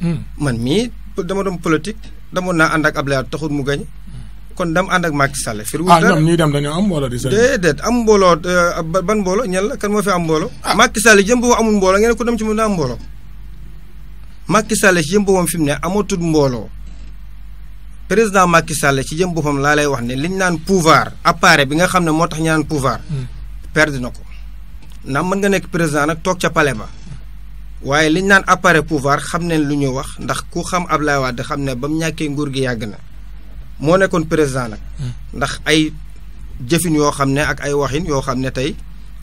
Hmm. man mii dama doon politique damoon naa ànd ak Abdoulaye taxul mu gagné. kon dam ànd ak Macky Sall. firéewu ah, dara ah ñoom ñii dem dañoo am mbooloo di. déedéet am mbooloo euh, ban mbooloo ñan la kan moo fi am mbooloo. ah Macky Sall jëm boobu amul mbooloo ngeen ko dem ci mu daa mbooloo. Macky Sall ci jëm boppam fi mu ne amatul mbooloo président Macky Sall ci jëm boppam laa lay wax ne liñ naan pouvoir appareil bi nga xam ne moo tax ñu naan pouvoir. Hmm. perdre na ko. ndax mën nga nekk président nag toog ca palais ba waaye li ñu naan appareil pouvoir xam ne lu ñu wax ndax ku xam Ablaye Wade xam ne ba mu ñàkkee nguur gi yàgg na moo nekkoon président nag. Hmm. ndax ay jëfin yoo xam ne ak ay waxin yoo xam ne tey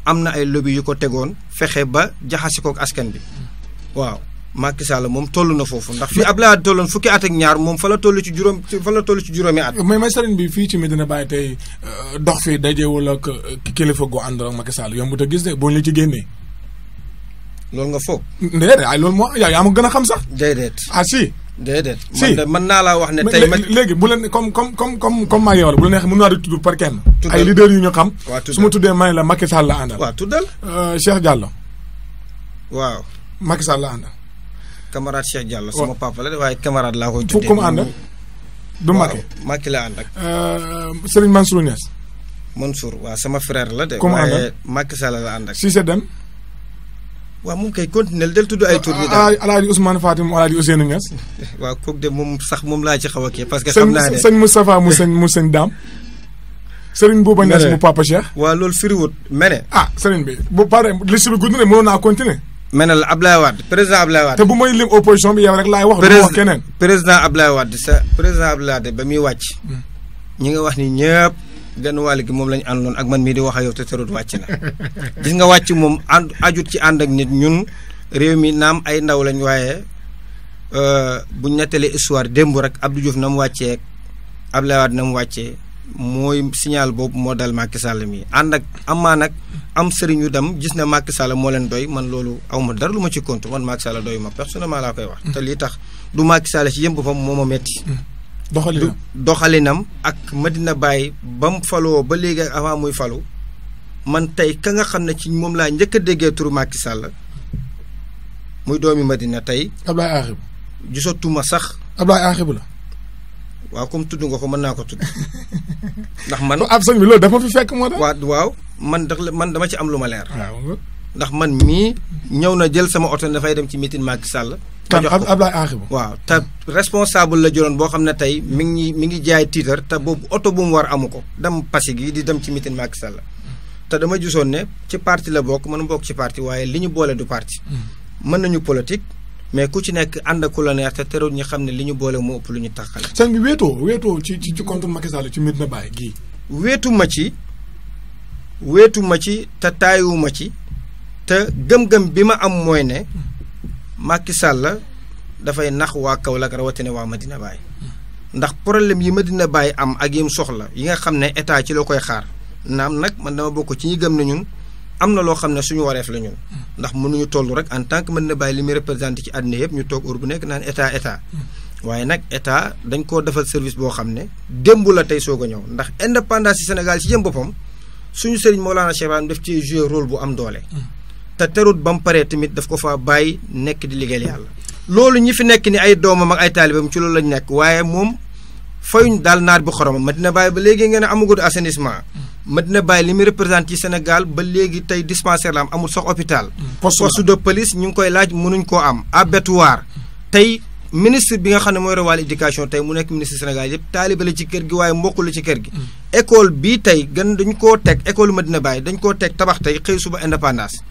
am na ay lobby yu ko tegoon fexe ba jaxase kook askan bi hmm. waaw. Macky la moom toll na foofu ndax fi Abdoulaye tolloon fukki at ak ñaar moom fa la toll ci juróom fa la toll ci juróomi at. mais mais sëriñ bi fii ci Medina Baye tey euh, dox fi dajewul ak euh, kilifa gu ànd ak Macky Sall yombut gis de boo ñu la ci génnee. loolu nga foog. déedéet ay loolu moo yaa ma gën a xam sax. déedéet ah si. déedéet naa laa wax ne. tey léegi bu leen comme comme comme comme comme maa yow bu la neexee mën naa di tudd par kenn. ay leader yu ma tuddee may la la àndal. waaw tuddal. Euh, Cheikh Diallo. waaw Macky Sall la àndal. camarade Cheikh Diallo. sama papa la waaye camarade laa koy. tuddee comme ànd du Macky Macky la ànd ak. Euh, Serigne Mansour Niass. Mansour waaw sama frère la de. waaye Macky Sall la ànd ak. Cissé Deme. waaw moom kay continué del tudd ay tur bi daal alaaji Ousmane Fatim alaaji Ousseynou Niass. (laughs) waaw kooku de moom sax moom laa ci xaw a parce que. xam naa ne sëñ mu sëñ mu sëñ Dame. sëriñ Bouba Niass mu papa Cheikh. waaw loolu firiwut mene. ah sëriñ bi bu pare liste bi gudd menal Ablaye Wade président Ablaye Wade. te bu may lim opposition bi yow rek laay wax. du wax keneen président Ablaye Wade sa président Ablaye Wade ba muy wàcc. Hmm. ñi nga wax ni ñëpp genn wàll gi moom la ñu ak man mii di wax ak yow te terut wàcc na. (laughs) gis nga wàcc moom ànd ajut ci ànd ak nit ñun réew mi naam ay ndaw lañ waaye euh, bu ñu nettalee histoire démb rek Abdou Diouf na mu wàccee ak Ablaye Wade na mu wàccee. mooy siñaal boobu moo dal Macky Sall mi ànd ak amaa nag am yu dem gis ne Macky Sall moo leen doy man loolu aw ma dara lu ma ci compte man Macky Sall doy ma personnellement laa koy wax. Mm. te lii tax du Macky Sall ci yëmb fa moo ma metti mm. doxalinam doxalinam ak Medina bàyyi ba mu faloo ba léegi avant muy falu man tey ka nga xam ne ci moom laa njëkk a déggee turu Macky Sall muy doomi Medina tey. Ablaye Axibu gisatuma sax. Ablaye Axibu la. waaw comme tudd nga ko mën naa ko tudd (laughs) ndax man. ab sëñ bi loolu dafa fi fekk moo tax. waaw waaw man dax man dama ci am lu ma leer. ndax man mii ñëw na jël sama oto ne dafay dem ci meeting Macky Sall. ma jox ko waaw te responsable la jëloon boo xam ne tey mi ngi mi ngi jaay tiitar te boobu oto bu mu war amu ko dem pasi gi di dem ci meeting Macky Sall. te dama gisoon ne ci parti la bokk mën bokk ci parti waaye li ñu boole du parti. Mm. mën nañu politique. mais ku ci nekk ànd ak ku la te terewul ñu xam ne li ñu boole moo ëpp lu ñu tàqale. sëñ bi wéetoo wéetoo ci ci ci contre Macky Sall ci Medina Baye gii. wéetu ma ci wéetu ma ci te taayu ma ci te gëm-gëm bi ma am mooy ne Macky Sall dafay nax waa Kaolack rawatina waa dina Baye. ndax problème yi ma dina Baye am ak yim soxla yi nga xam ne état ci loo koy xaar naam nag man dama bokk ci ñi gëm nañu am na loo xam ne suñu wareef la ñun ndax mënuñu toll rek en tant que mën na bàyyi li muy représenté ci àddina yëpp ñu toog heure bu nekk naan état état waaye nag état dañ koo defal service boo xam ne démb la tey soog a ñëw ndax indépendance ci Sénégal ci jëm boppam suñu sëriñ Mawlana Cheikh Ibrahim daf ci jouer rôle bu am doole te terut ba mu paree tamit daf ko faa bàyyi nekk di liggéeyal yàlla loolu ñi fi nekk ni ay doomam ak ay taalibeem ci loolu lañ nekk waaye moom fayuñ daal naar bi xoromam Medina Baye ba léegi ngeen ne amagut assainissement. Medina Baye li muy représente ci Sénégal ba léegi tey dispensaire la am amul sax hôpital. poste de police ñu ngi koy laaj mënuñ koo am abattoir tey. ministre bi nga xam ne mooy rawal éducation tey mu nekk ministre Sénégal yëpp taalibe la ci kër gi waaye mbokk la ci kër gi. Mm. école bii tey gën dañ koo teg école Medina Baye dañ koo teg tabax tey xëy suba indépendance.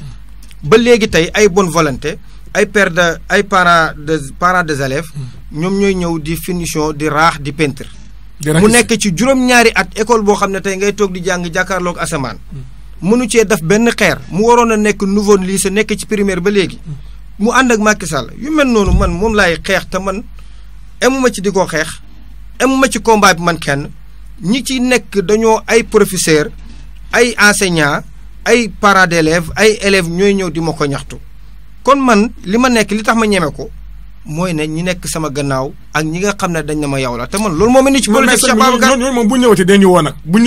ba léegi tey ay bonne volonté ay père de ay parents de parents des élèves ñoom de di finition di rax di peintre mu ci ñaari at école bo xamne ne ngay tok di jàng jàkkaarloog hmm. mënu la def ben xeer mu warona nouveau lycée nekk ci primaire ba légui hmm. mu and ak yu mel nonu man mom lay xex te man amuma ci diko xex ci combat bi man kenn ñi ci nekk dañoo ay professeur ay enseignant ay parents d'élèves ay élèves ñoy di kon man li ma nekk li tax ma ñeme ko mooy ne ñi nekk sama gannaaw ak ñi nga xam ne dañ na ma yow la te man loolu moo mel ni ci politique Cheikh Babacar ñooñu moom bu ñu ñëwatee dañu woo nag bu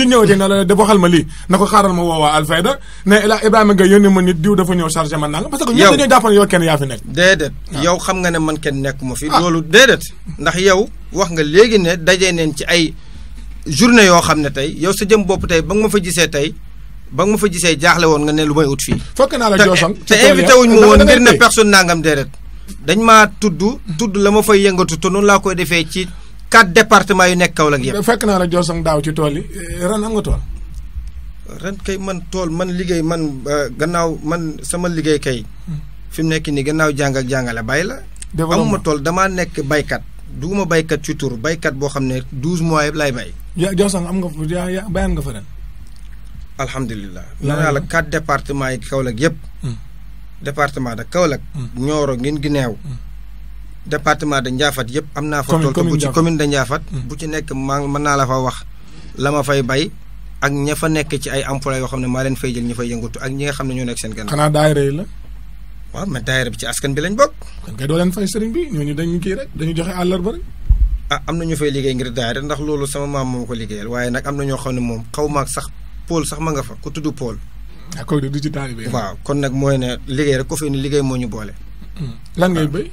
dafa xal ma lii na ko xaaral ma woowaa Alfayda ne la Ibrahima Gueye yónnee ma nit diw dafa ñëw chargé man nanga parce que ñëpp dañuy jàpp ne kenn yaa nekk déedéet ah. yow xam nga ne man kenn nekk ma fi ah. loolu déedéet ndax yow wax nga léegi ne dajee neen ci ay journée yoo xam ne tey yow sa jëm bopp tey ba nga ma fa jisee tey ba nga ma fa gisee jaaxle woon nga ne lu may ut fii. fokk naa la joosam te invité wuñ ah, ma woon ngir ne personne nangam deret dañ maa tudd tudd la ma fay yëngatu te noonu laa koy defee ci quatre départements yu nekk Kaolack yëpp. fekk naa la joosam daaw ci tool yi eh, ren am nga tool. ren kay man tool man liggéey man gannaaw man sama liggéey kay. Hmm. fi mu nekk nii gannaaw jàng ak jàngale bay la. ma tool damaa nekk baykat. ma baykat ci tur baykat boo xam ne douze mois yëpp laay bay. ja joosam am nga fa bayan nga fa ren. alhamdulilah. nee naa la quatre départements yi Kaolack yëpp. Hmm. département de ñooro hmm. Nioro ngin neew hmm. département de Ndiaffate yëpp am naa fa. tool bu ci commune de Ndiaffate. bu ci nekk maa mën naa la fa wax la ma fay bay ak ña fa nekk ci ay emploi yoo xam ne maa leen fay jël ñi fay yëngatu ak ñi nga xam ne ñoo nekk seen gànnaaw. xanaa daayira yi la. waaw mais daayira bi ci askan bi lañ bokk. kon kay doo leen fay sëriñ bi ñooñu dañu kii rek dañu joxe àllarba ah, am na ñu fay liggéey ngir daayira loolu sama maam ko liggéeyal waaye nag am na ñoo xam ne moom xaw maag sax Paul sax ma nga fa ku tudd Paul. ah kooku du ci waaw kon nag mooy ne liggéey rek ku fi ni liggéey moo ñu boole. Hmm. lan ngay béy.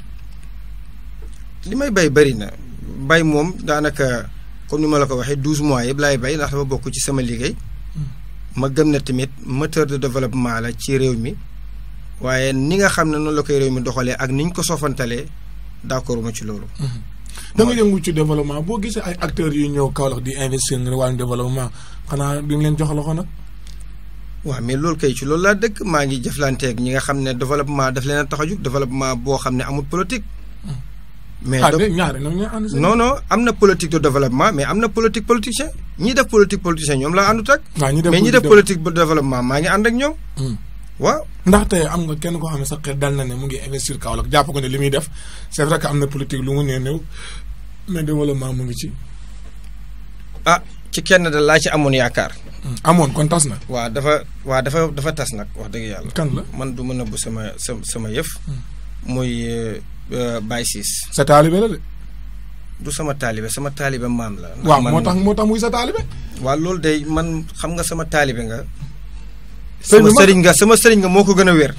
li may bay bëri na bay moom daanaka comme ni ma la ko waxee douze mois yëpp laay bay ndax dafa bokk ci sama liggéey. Hmm. ma gëm na tamit moteur de développement la ci réew mi waaye ni nga xam ne noonu la koy réew mi doxalee ak ni ñu ko soofantalee d'accord ma ci loolu. Hmm. da nga yëngu ci développement boo gisee ay acteurs yu ñëw Kaolack di investir ngir wàllum développement xanaa di nga leen jox loxo nag. waaw mais loolu kay ci loolu laa dëkk maa ngi jëflanteeg ñi nga xam ne développement daf leen a tax a jóg boo xam ne amul politique. Hmm. mais ah, non non am na politique de développement mais am na politique politicien ñi def politique politicien ñoom laa àndut ak. mais ñi def politique de développement maa ngi ànd ak ñoom. Hmm. waaw ndax tey am nga kenn koo xam ne sa xel dal na ne mu ngi investir Kaolack jàpp ko ne li muy def c'est vrai que am na politique lu mu nee néew mais développement mu ngi ci. ah ci kenn da laa ci amoon yaakaar. Hmm. amoon kon tas na. waaw dafa waa dafa dafa tas nag wax dëgg yàlla. kan la man du mën a bu sama sa sama yëf. Hmm. muy euh, euh, Baye Ciss. sa taalibe la de. du sama taalibe sama taalibe maam la. waaw moo tax moo tax muy sa taalibe. waaw loolu de man xam nga sama taalibe nga. sama sëriñ nga sama sëriñ nga moo ko gën a wér.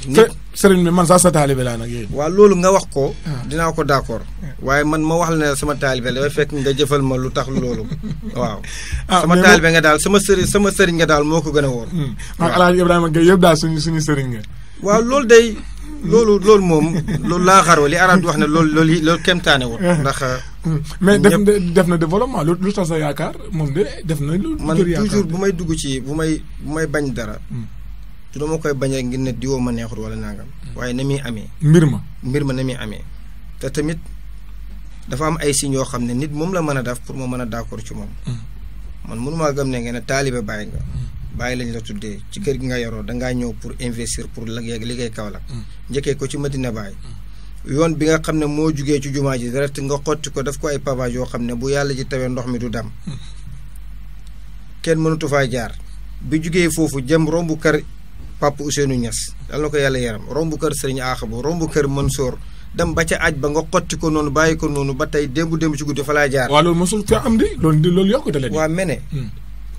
sëriñ bi man sax sa taalibe laa nag yooyu. waaw loolu nga wax ko. Ah. dinaa ko d'accord. Ah. waaye man ma wax la ne sama taalibe la fekk nga jëfal ma lu tax loolu. (laughs) waaw ah, sama taalibe nga daal sama sëriñ sama sëriñ nga daal moo ko gën a wóor. Hmm. waaw El Hadj Ibrahima Gueye yëpp daal suñu suñu sëriñ nga. waaw loolu day. loolu loolu moom loolu laa xaroo li arab di wax ne loolu loolu loolu kemtaane woon ndax. Hmm. Uh, mais def na def na développement lu tax sa yaakaar moom de def na. lu man toujours bu may dugg ci bu may bu may bañ dara. Hmm. du dama koy bañ rek ngir ne diwoo ma neexul wala nangam. Hmm. waaye na muy amee. mbir ma mbir ma na muy amee. te tamit dafa am ay signes yoo xam ne nit moom la mën a def pour ma mën a d'accord ci moom. Hmm. man mënumaa gëm ne ngeen ne taalibe bàyyi nga. Hmm. bàyyi lañ la tuddee ci kër gi nga yoroo dangaa ñëw pour investir pour liggéey Kaolack. njëkkee ko ci Medina Baye. yoon bi nga xam ne moo jugee ci jumaa ji direct nga xotti ko daf ko ay pavage yoo xam ne bu yàlla ji tawee ndox mi du dam mënatu faa jaar. bi jugee foofu jëm rombu Papa Ousseynou Niass yal na ko yàlla yaram romb kër Serigne Aaxabu romb kër Mansour dem ba ca aj ba nga xotti ko noonu bàyyi ko noonu ba tey démb démb ci guddi fa laa jaar. waaw loolu mosul fi am de loolu loolu yokkute la de. waaw mene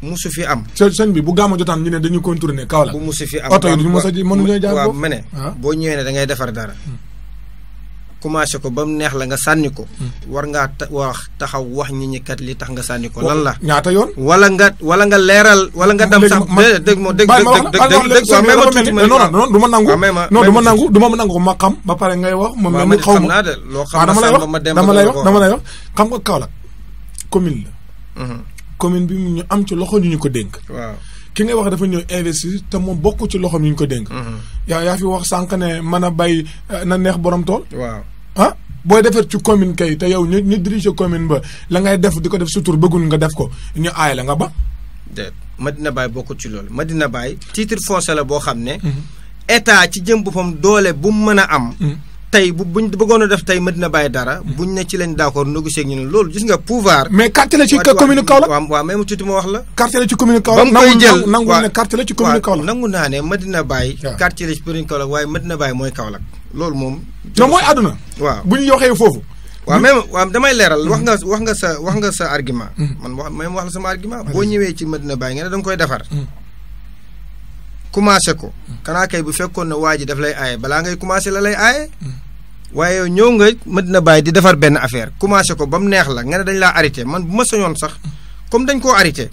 musu hmm. fi am. sëñ bi bu gàmmu jotaan ñu ne dañu contourner Kaolack. bu musu fi am oto yi duñu mos a ji mënuñoo jaar. waaw mene ah. boo ñëwee ne da ngay defar dara. Hmm. commencé ko bam neex la nga sanni ko hmm. war nga wax taxaw wax ñi ñi kat li tax nga sanni ko lan la ñaata yoon wala nga wala nga leral wala nga dam sax deug mo deug deug deug deug deug mais même tout ma non non duma nangu non duma nangu duma ma nangu ma xam ba pare ngay wax mo mel ni xaw ma lo xam ah, dama ma dem dama lay wax dama lay wax xam nga kaw la commune la mhm. commune bi ñu am ci loxo ñu ko denk waaw ki ngay wax dafa ñëw investir te moom bokku ci loxom ñu ko dénk mhm. yaa yaa fi wax sànq ne mën a bay eh, na neex borom tool waaw ah booy defar ci commune kay te yow ñu ñu dirige commune ba la ngay def di ko def sutur bëggul nga def ko ñu aay la nga ba. déet Madina Baye bokkul ci loolu Madina Baye titre foncier la boo xam ne. Mhm. état ci jëm boppam doole bu mu mën a am. Mhm. tey bu buñ bëggoon a def tey Medina Baye dara hmm. buñ ne ci lañ d'accord négocier ak ñun loolu gis nga pouvoir. mais carte ci commune Kaolack ma wax la. carte la ci commune Kaolack ba mu koy jël nangu ne la loolu moom. Hmm. damay leeral. wax nga hmm. wax nga sa argument. man wax même wax la sama argument. boo ñëwee ci Medina nga ne da koy defar. commencé ko. kanaa bu fekkoon ne waa ji lay aaye balaa ngay commencé la lay aaye. waaye ñëw nga na bàyyi di defar benn affaire commencé ko ba mu neex la nga ne dañ laa arrêté man bu ma sañoon sax comme dañ koo arrêté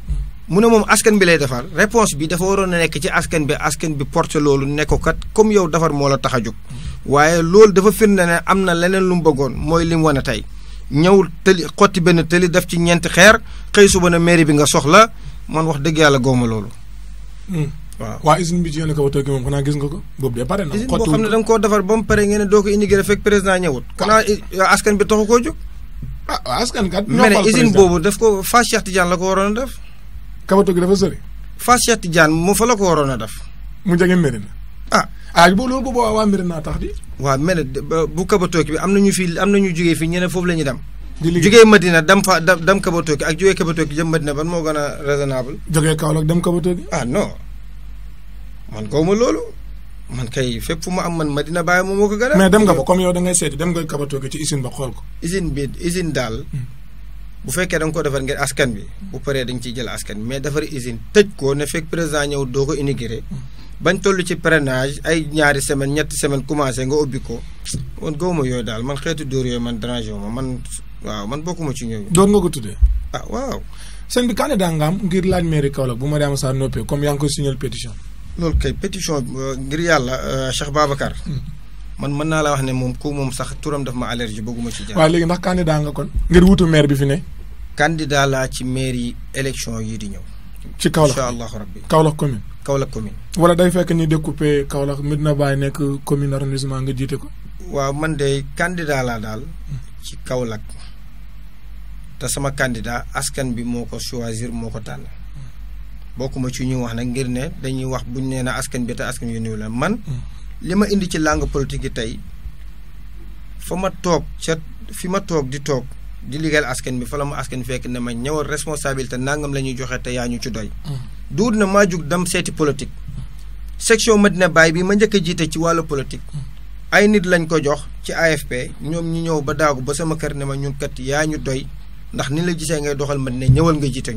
mu ne moom askan bi lay defar réponse bi dafa waroon a nekk ci askan bi askan bi porté loolu nekko kat comme yow defar moo la tax a jóg. waaye loolu dafa firnde ne am na leneen lu mu bëggoon mooy li mu wane tey ñëw tëli xotti benn tëli def ci ñeenti xeer xëy suba na mairie bi nga soxla man wax dëgg yàlla gooma loolu. Hmm. waaw waa usine bi ci yéen a ko watoo moom xanaa gis nga ko boobu de pare na usine boo xam ne da nga koo defar ba mu pare ngeen ne doo ko intégré fekk président ñëwut xanaa eh, askan bi taxu koo jóg a ah, askan kat mais ne usine boobu daf ko fa Cheikh Tidiane la ko waroon a def kawato gi dafa sori fa Cheikh Tidiane moo fa la ko waroon a def mu jege a ah ah boo loolu boobu waa waa Mérina tax di waaw mais ne bu kabatooki bi am nañu fii am nañu jógee fii ñeneen foofu la ñuy dem jógee Madina dem fa dem kabatooki ak jógee kabatooki jëm Madina ban moo gën a raisonnable jógee Kaolack dem kabatooki ah man gaw ma loolu man kay fépp fu ma am man Madina Baye moom moo ko gën a. mais dem nga ba comme yow da ngay seeti dem nga kabatooge ci usine ba xool ko. usine bi usine daal. Hmm. bu fekkee da nga ko defar askan bi. bu paree dañ ciy jël askan mais defar usine tëj ko ne fekk président ñëw doo ko inauguré. Hmm. bañ toll ci parrainage ay ñaari semaine ñetti semaine commencé nga ubbi ko man ma yooyu daal man xeetu dóor yooyu man dérangé ma man waaw man bokkuma ci ñoom. door nga ko tuddee. ah waaw. sëñ bi candidat nga am ngir laaj mairie Kaolack bu Mariama Sarr noppee comme yaa ngi koy signal pétition. loolu kay pétition euh, ngir yàlla euh, Cheikh Babacar. Hmm. man mën naa la wax ne moom ku moom sax turam daf ma allergie bëgguma ci jaar. waaw léegi ndax candidat nga kon. ngir wutu maire bi fi ne. candidat laa ci maire yi élection yii di ñëw. ci Kaolack incha allahu rabbi Kaolack commune. wala day fekk ni découpé Kaolack na Baye nekk commune arrondissement nga jiite ko. waaw man de candidat laa daal. Hmm. ci Kaolack. te sama candidat askan bi moo ko choisir moo ko tànn. bokkuma ci ñu wax nag ngir ne dañuy wax buñ nee na askan bi te askan yu néew la man. li ma indi ci langue politique yi tey fa ma toog ca fi ma toog di toog di liggéeyal askan bi fa la ma askan fekk ne ma ñëwal responsabilité nangam la ñuy joxe te yaa ñu ci doy. Mm. duur na maa jug dem seeti politique. Mm. section Medina baay bi ma njëkk jiite ci wàllu politique. Mm. ay nit lañ ko jox ci AFP ñoom ñu ñëw ba daagu ba sama kër ne ma ñun kat yaa ñu doy ndax ni la gisee ngay doxal Medina ñëwal nga jiite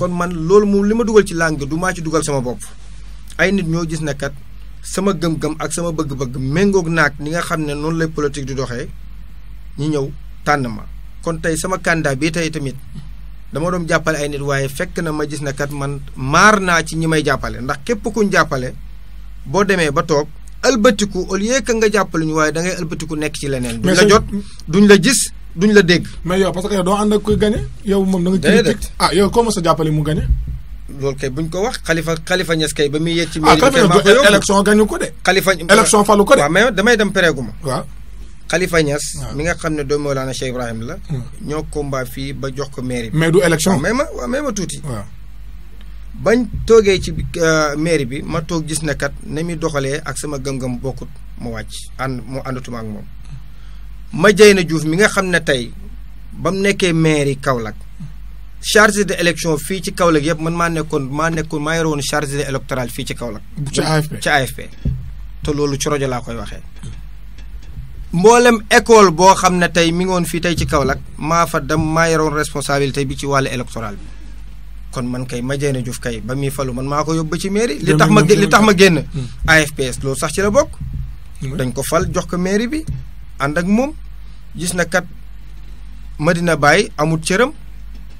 kon man lol mom lima duggal dugal ci langue du ma ci dugal sama bop ay nit ñoo gis ne sama gëm-gëm ak sama bëgg-bëgg mengok nak. ni nga xamne non lay politique di doxé ñi ñew tànn ma kon tay sama candidat bi tay tamit dama doom jappalé ay nit waye fekk na ma gis ne kat man mar na ci ñi may jappalé ndax képp ñu jappalé bo démé ba tok albatiku au lieu que nga jàppale ñu waye da ngay albatiku nekk ci lenen duñ la jot duñ la gis duñ la dégg. mais yow parce que yow doo ànd ak koy gagné yow moom da nga. critique ah yow comment sa a jàppale mu gagné. loolu kay buñ ko wax xalifa xalifa ñes kay ba muy yegg ci. ah xalifa ñes élection gañu ko de. xalifa élection fallu ko de. waaw mais damay dem pérégu waaw xalifa ñes. mi nga xam ne doomu Mawlana Cheikh Ibrahim la. Hmm. ñoo combat fii ba jox ko mairie bi. mais du élection mais ma waaw mais ma tuuti. waaw bañ toogee ci euh, mairie bi ma toog gis ne kat na muy doxalee ak sama gëm-gëm bokkut mu wàcc ànd mu àndatuma ak moom Madiayna juuf mi nga xam ne tey ba mu nekkee maire Kaolack chargé de élection fii ci Kaolack yëpp man maa nekkoon maa nekkoon maa yore woon de électoral fii ci Kaolack. ci AFP te loolu ci rajo laa koy waxee. mboolem école boo xam ne tey mi ngi woon fii tey ci Kaolack maa fa dem maa yore responsabilité bi ci wàllu électoral bi. kon man kay Madiayna Diouf kay ba muy falu man maa ko yóbbu ci mairie. li tax ma li tax ma génn. Hmm. AFPS loolu sax ci la bokk. Hmm. dañ ko fal jox ko mairie bi. ànd ak moom gis na kat Medina Baye amut cëram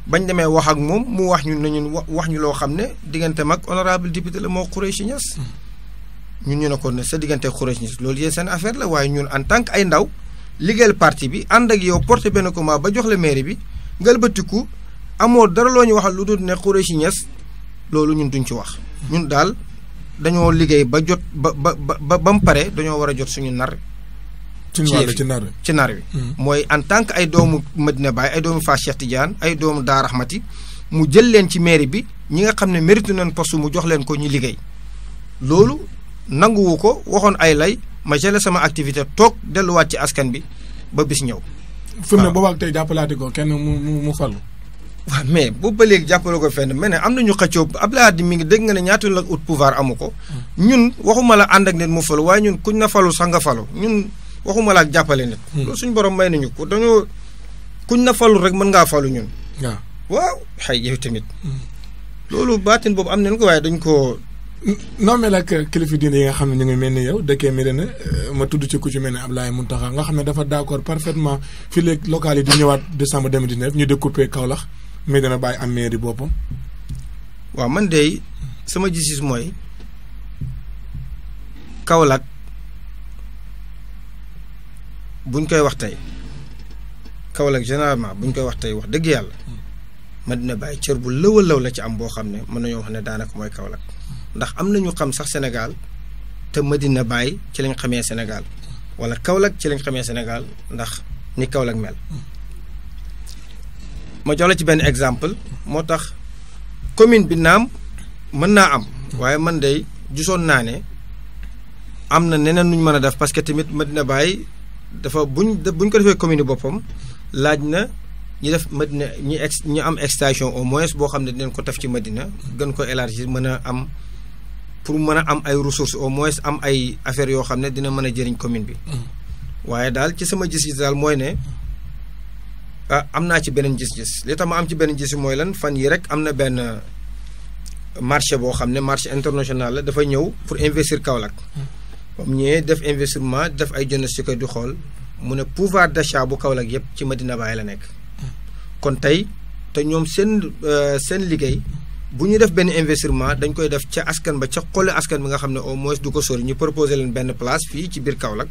bañ demee wax ak moom mu wax ñu ne ñun wax ñu loo xam ne diggante mag honorable député la moo Khoureychi Niass ñun ñu ne ko ne sa diggante Khoureychi Niass loolu yéen seen affaire la waaye ñun en tant ay ndaw liggéeyal parti bi ànd ak yow porté benn combat ba jox la mairie bi ngalbatiku amoo dara loo ñu waxal lu dul ne Khoureychi loolu ñun duñ ci wax. ñun daal dañoo liggéey ba jot ba ba ba ba mu pare dañoo war a jot suñu nar. ci naar wi ci naar hmm. mooy en tant que ay doomu Medina Baye ay doomu Fass Cheikh ay doomu Daara Rahmati mu jël leen ci mairie bi ñi nga xam ne mérite nañ poste mu jox leen ko ñu liggéey loolu nanguwu ko waxoon ay lay ma jëlee sama activité toog delluwaat ci askan bi ba bis ñëw. waaw fi mu ne boobaag tey jàppalaati ko kenn mu mu mu falu. waaw mais bu ba léegi jàppale ko fenn mais ne am na ñu xëccoo Abdoulaye Wade mi ngi dégg nga ne ñaata la ut pouvoir amu ko. Hmm. ñun waxuma la ànd ak nit mu falu waaye ñun kuñ na falu sax nga waxuma la jàppale nit. Hmm. loolu suñu borom may nañu ko dañoo kuñ na falu rek mën ngaa falu ñun. waaw waaw xëy yow tamit. Hmm. loolu baatin boobu am nañ ko waaye dañ ko noo mel ak kilifa diine yi nga xam ne ñu ngi mel ni yow dëkkee Médina euh, ma tudd ci ku ci mel ne Abdoulaye Mountakha nga xam ne dafa d' accord fii léegi locales yi di ñëwaat décembre 2019 ñu découpé Kaolack Médina Baye am mairie boppam. waaw man de sama gis mooy Kaolack buñ koy wax tey Kaolack bu ñu koy wax tey wax dëgg yàlla Medina hmm. Baye cër bu lëwa law la ci am boo xam ne mën nañoo wax ne daanaka mooy Kaolack hmm. ndax am na ñu xam sax Sénégal te Medina bàyyi ci lañ xamee Sénégal wala Kaolack ci lañ xamee Sénégal ndax ni Kaolack mel hmm. ma jox la ci benn exemple moo tax commune bi naam mën naa am waaye man de gisoon naa ne am na neneen nuñ mën a def parce que tamit dina bàyyi dafa buñ buñ ko defee commune boppam laaj na ñu def madina ñu ex ñu am extension au moins boo xam ne dinañ ko taf ci madina gën ko élargir mën a am pour mën a am ay ressources au moins am ay affaires yoo xam ne dina mën a jëriñ commune bi. Mm. waaye daal ci sama gis-gis daal mooy ne ah am naa ci beneen gis-gis li tax am ci beneen gis mooy lan fan yi rek am na benn marché boo xam ne marché international la dafa ñëw pour investir Kaolack. Mm. comme ñëwee def investissement def ay jënd si ko di xool mu ne pouvoir d'achat bu Kaolack yëpp ci Medina Baye la nekk. kon tey te ñoom seen euh, seen liggéey bu ñu def benn investissement dañ koy def ca askan ba ca xole askan bi nga xam ne au moins du ko sori ñu proposé leen benn place fii ci biir Kaolack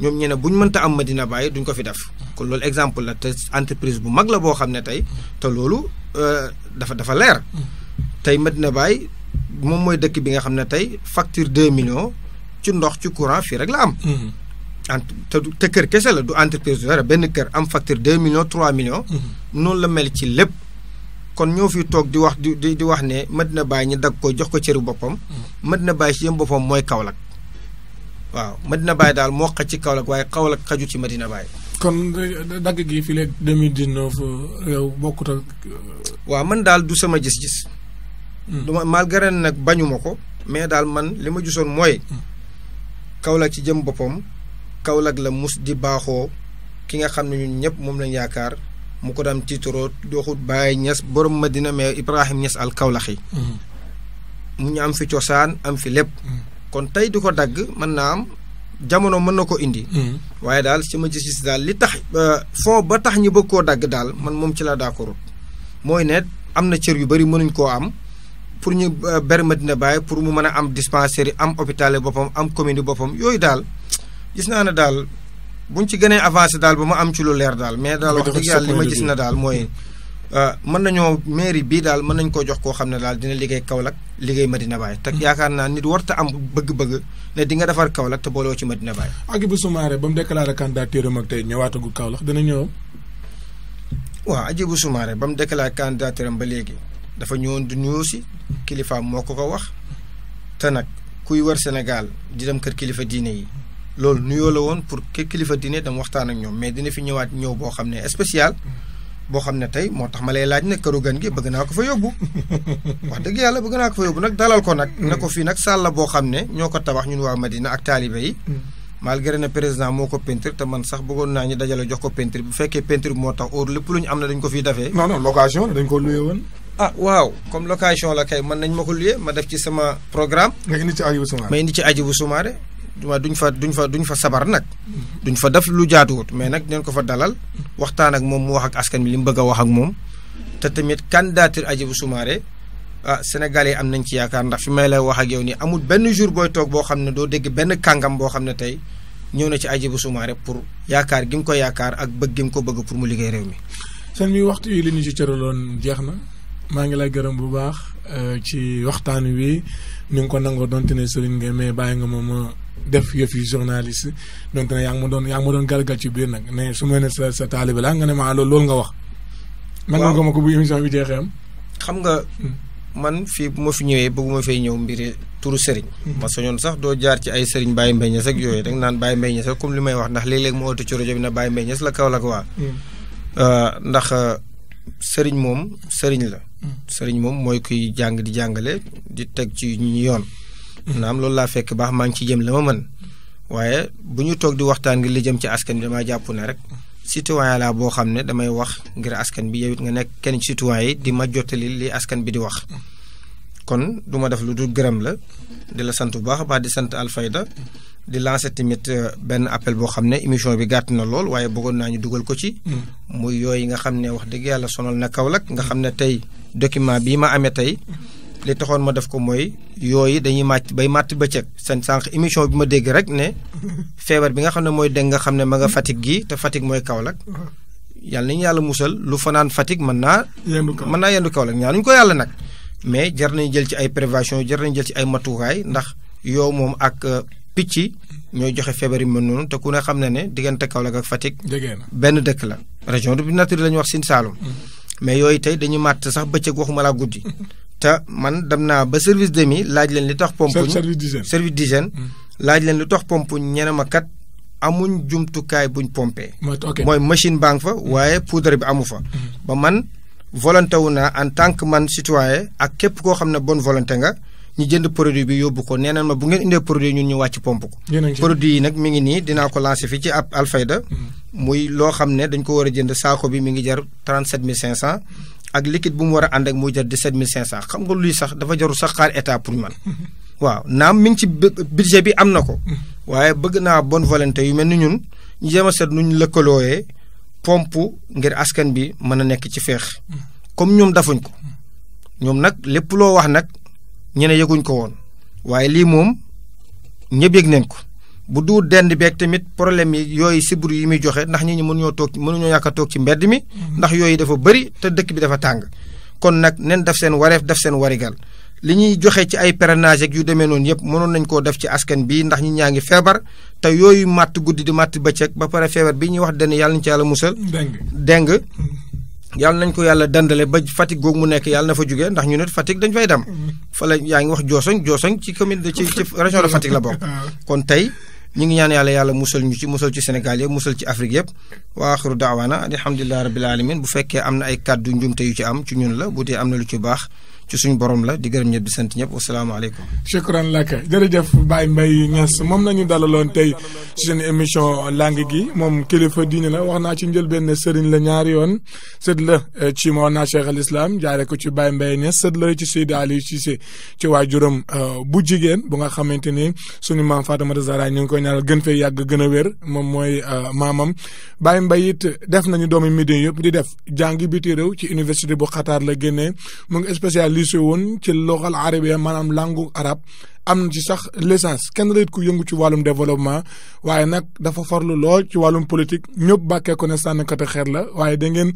ñoom ñu ne bu ñu mënta am Medina Baye duñ ko fi def. kon loolu exemple la te entreprise bu mag la boo xam ne tey te loolu euh, dafa dafa leer. tey Medina Baye moom mooy dëkk bi nga xam ne tey facture 2 millions. ci ndox ci courant fii rek la am. Mhm. te du te kër kese la du entreprise du benn kër am facteur deux millions trois millions. Mhm. noonu la mel ci lépp. kon ñoo fi toog di wax di di wax ne Medina Baye ñu dagg ko jox ko cëru boppam. Medina mhm. Baye ci yëm boppam mooy Kaolack. waaw ma Medina Baye daal moo xaj ci Kaolack waaye Kaolack xaju ci Medina Baye. kon dagg gi fi léegi deux mille dix-neuf réew euh, bokkut ak. Euh, waaw man daal du sama gis-gis. duma malgré nag bañuma ko. mais daal man li ma gisoon mooy. Kaolack ci jëm boppam Kaolack la mus di baaxoo ki nga xam ne ñun ñëpp moom lañ yaakaar mu ko dem daan tiitoroo dooxut Baye Niass borom Madina mais Ibrahim Niass al Kaolack yi mm-hmm. mu ñu am fi cosaan am fi lépp mm-hmm. kon tey du ko dagg mën naa am jamono mën na ko indi mm-hmm. waaye daal sama gis-gis daal li tax euh, fond ba tax ñu bëgg koo dagg daal man moom ci laa la d'accord mooy ne am na cër yu bari mënuñ koo am pour ñu euh, beri madina Baye pour mu mën a am dispensaire am opitale boppam am commune boppam yooyu daal gis naa ne daal buñ ci gënee avance daal ba ma am ci lu leer daal mais daal wax dëgg yàlla li ma gis na daal mooy euh, mën nañoo mairie bii daal mën nañ koo jox koo xam ne daal dina liggéey Kaolack liggéey Medina Baye te yaakaar naa nit warta am bëgg-bëgg ne di nga defar Kaolack te booloo ci Medina Baye Hadjibou Soumaré ba mu déclaré candidature am ak tey ñëwaatagul Kaolack dina ñëw waaw Hadjibou Soumaré ba mu déclaré candidature am ba léegi dafa ñëwoon di nuyoo si kilifaam moo ko ko wax te nag kuy war Sénégal di dem kër kilifa diine yi loolu nuyoo la woon pour kër kilifa diine dama waxtaan ak ñoom mais dina fi ñëwaat ñëw boo xam ne spécial boo xam ne tey moo tax ma lay laaj ne këru gan gi bëgg naa ko fa yóbbu wax dëgg yàlla bëgg naa ko fa yóbbu nag dalal ko nag. ne ko fii nag sàlla boo xam ne ñoo ko tabax ñun waa Madina ak taalibe yi. malgré ne président moo ko peinture te man sax bëggoon naa ñu dajale jox ko peinture bu fekkee peinture bi tax or lépp ñu am na dañ ko fiy defee. non non dañ ko luye woon. ah waaw comme location la kay mën nañ ma ko luyee ma def ci sama programme. nga indi ci Hadjibou Soumaré ma indi ci Hadjibou Soumaré waaw duñ fa duñ fa duñ fa sabar nag duñ fa def lu jaatuwut mais nag dinañ ko fa dalal waxtaan ak moom mu wax ak askan bi li mu bëgg a wax ak moom te tamit candidature Hadjibou Soumaré ah Sénégal yi am nañ ci yaakaar ndax fi may lay wax ak yow nii amul benn jour booy toog boo xam ne doo dégg benn kàngam boo xam ne tey ñëw na ci Hadjibou Soumaré pour yaakaar gi mu ko yaakaar ak bëgg ko bëgg pour mu liggéey réew mi. seen mi li ñu ci cëraloon jeex na. maa ngi lay gërëm bu baax euh, ci waxtaan wi ni nga ko nangoo donte ne sëriñ nga mais bàyyi nga moom ma def yëf yi journaliste donte ne yaa ngi ma doon yaa ngi doon galgal ci biir nag ne su ma ne sa sa taalibe laa nga ne ma ah, loolu loolu nga wax. man nga ko ma ko bu émission bi jeexee am. xam nga. Hmm. man fii bu ma fi ñëwee bëgguma fee ñëw mbiri turu sëriñ hmm. ma soñoon sax doo jaar ci ay sëriñ Baye Mbaye Niass ak yooyu danga naan Baye Mbaye Niass ak comme li may wax ndax léeg-léeg ma oote ci rajo bi na Baye kaw la waa hmm. euh, ndax euh, sëriñ moom sëriñ la sëriñ moom mooy kuy jàng di jàngale di teg ci ñu yoon. am loolu laa fekk baax maa ngi ci jëm la ma mën. waaye bu ñu toog di waxtaan ngir li jëm ci askan bi damaa jàpp na rek. citoyen laa boo xam ne damay wax ngir askan bi yow nga nekk kenn ci yi di ma jottali li askan bi di wax. kon duma def lu dul gërëm la. di la sant bu baax a baax di sant Alfayda di lancer tamit euh, benn appel boo xam ne émission bi gàtt na lool waaye bëggoon naa ñu dugal ko ci. Mm. muy yooyu nga xam ne wax dëgg yàlla sonal na Kaolack nga xam ne tey document bii ma amee tey. li taxoon ma def ko mooy yooyu dañuy màcc bay màtt bëccëg seen sànq émission bi ma dégg rek ne feebar bi nga xam ne mooy dégg nga xam ne ma nga Fatick gi te Fatick mooy Kaolack yàlla nañu yàlla musal lu fanaan Fatick man naa mën naa yendu Kaolack ñaanuñu ko yàlla nag mais jar nañu jël ci ay prévention jar nañu jël ci ay matuwaay ndax yow moom ak euh, picc yi ñooy joxe feebar yi mel noonu te ku ne xam na ne diggante Kaolack ak Fatick. benn dëkk la région du naturel la ñuy wax Sine Saalum. Mm-hmm. mais yooyu tey dañu màtt sax bëccëg waxuma laa guddi. (laughs) te man dem naa ba service de mi leen li tax. pompuñ service d'hygiène service d'hygiène laaj leen li tax pompuñ ñeneen mm-hmm. ma kat amuñ jumtukaay buñ pompé. mooy machine baa fa mm-hmm. waaye poudre bi amu fa. ba man volonté wu naa en tant que man citoyen ak képp koo xam ne bonne volonté nga. ñi jënd produit bi yóbbu ko nee ma bu ngeen indee produit ñun ñu wàcc pomp ko produit yi nag mi ngi nii dinaa ko lancé fi ci ab alfayda mm-hmm. muy loo xam ne dañ ko war a jënd saako bi mi ngi jar 37500 ak liquide bu mu war a ànd ak muy jar 17500 xam nga luy sax dafa jaru sax xaar état pour man mm-hmm. waaw naam mi ngi ci budget bi am na ko mm-hmm. waaye bëgg naa bonne volonté yu mel ni ñun ñu jéem a set lëkkalooyee ngir askan bi mën a nekk ci feex comme ñoom dafuñ ko ñoom nag lépp loo wax nag ñu ne yëguñ ko woon waaye lii moom ñëpp yëg nañ ko bu duur dend beeg tamit problème yi yooyu sibbiru yi muy joxe ndax ñi ñu mënuñoo toog mënuñoo ñàkk toog ci mbedd mi. Mm-hmm. ndax yooyu dafa bëri te dëkk bi dafa tàng. kon nag nen daf seen wareef daf seen warigal li ñuy joxe ci ay parrainage ak yu demee noonu yëpp mënoon nañ koo def ci askan bi ndax ñi ñaa ngi feebar te yooyu màtt guddi di màtt bëccëg ba pare feebar bi ñuy wax dana yàlla ñu ci yàlla musal. deng yàlla nañ ko yàlla dandale ba Fatick googu mu nekk yàlla na fa jugee ndax ñu ne Fatick dañ fay dem. fa la yaa ngi wax Joosoñ Joosoñ ci commune ci ci région de Fatick la bokk. (laughs) kon tey ñu ngi ñaan yàlla yàlla musal ñu ci musal ci senegal yëpp musal ci Afrique yëpp. wa axiru daawaana alhamdulilah rabbil alamin bu fekkee am na ay kàddu njumte yu ci am ci ñun la bu dee am na lu ci baax. ci suñu borom la di gërëm ñëpp di sant ñëpp wasalaamaaleykum. shukran laka jërëjëf Baye Mbaye Niass moom nañu dalaloon tey ci seen émission langue gi moom kilifa diine la wax naa ci njëlbéen sëriñ la ñaari yoon sët la eh, ci Mawlana Cheikh al Islam jaare ko ci Baye Mbaye Niass sët la ci Seydi Aliou Cissé ci waajuram eh, bu jigéen bu nga xamante ni suñu maam Fatimata Zahra ñu ngi koy ñaanal gën fee yàgg gën a wér moom mooy eh, maamam Baye Mbaye it def nañu doomi Médine yëpp di def jàngi biti réew ci université bu Qatar la génnee publié woon ci loxal arabe manam langue arab am ci sax l'essence ken la ko yeungu ci walum développement waye nak dafa farlu lo ci walum politique ñop bakke ko ne san te xer la waye de ngeen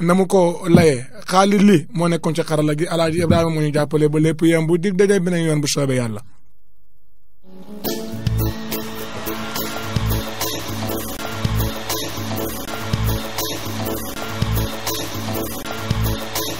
namu ko laye khalid li mo nekkon ci xarala gi aladi ibrahim mo ñu jàppale ba lépp yembu dig daje beneen yoon bu soobee yàlla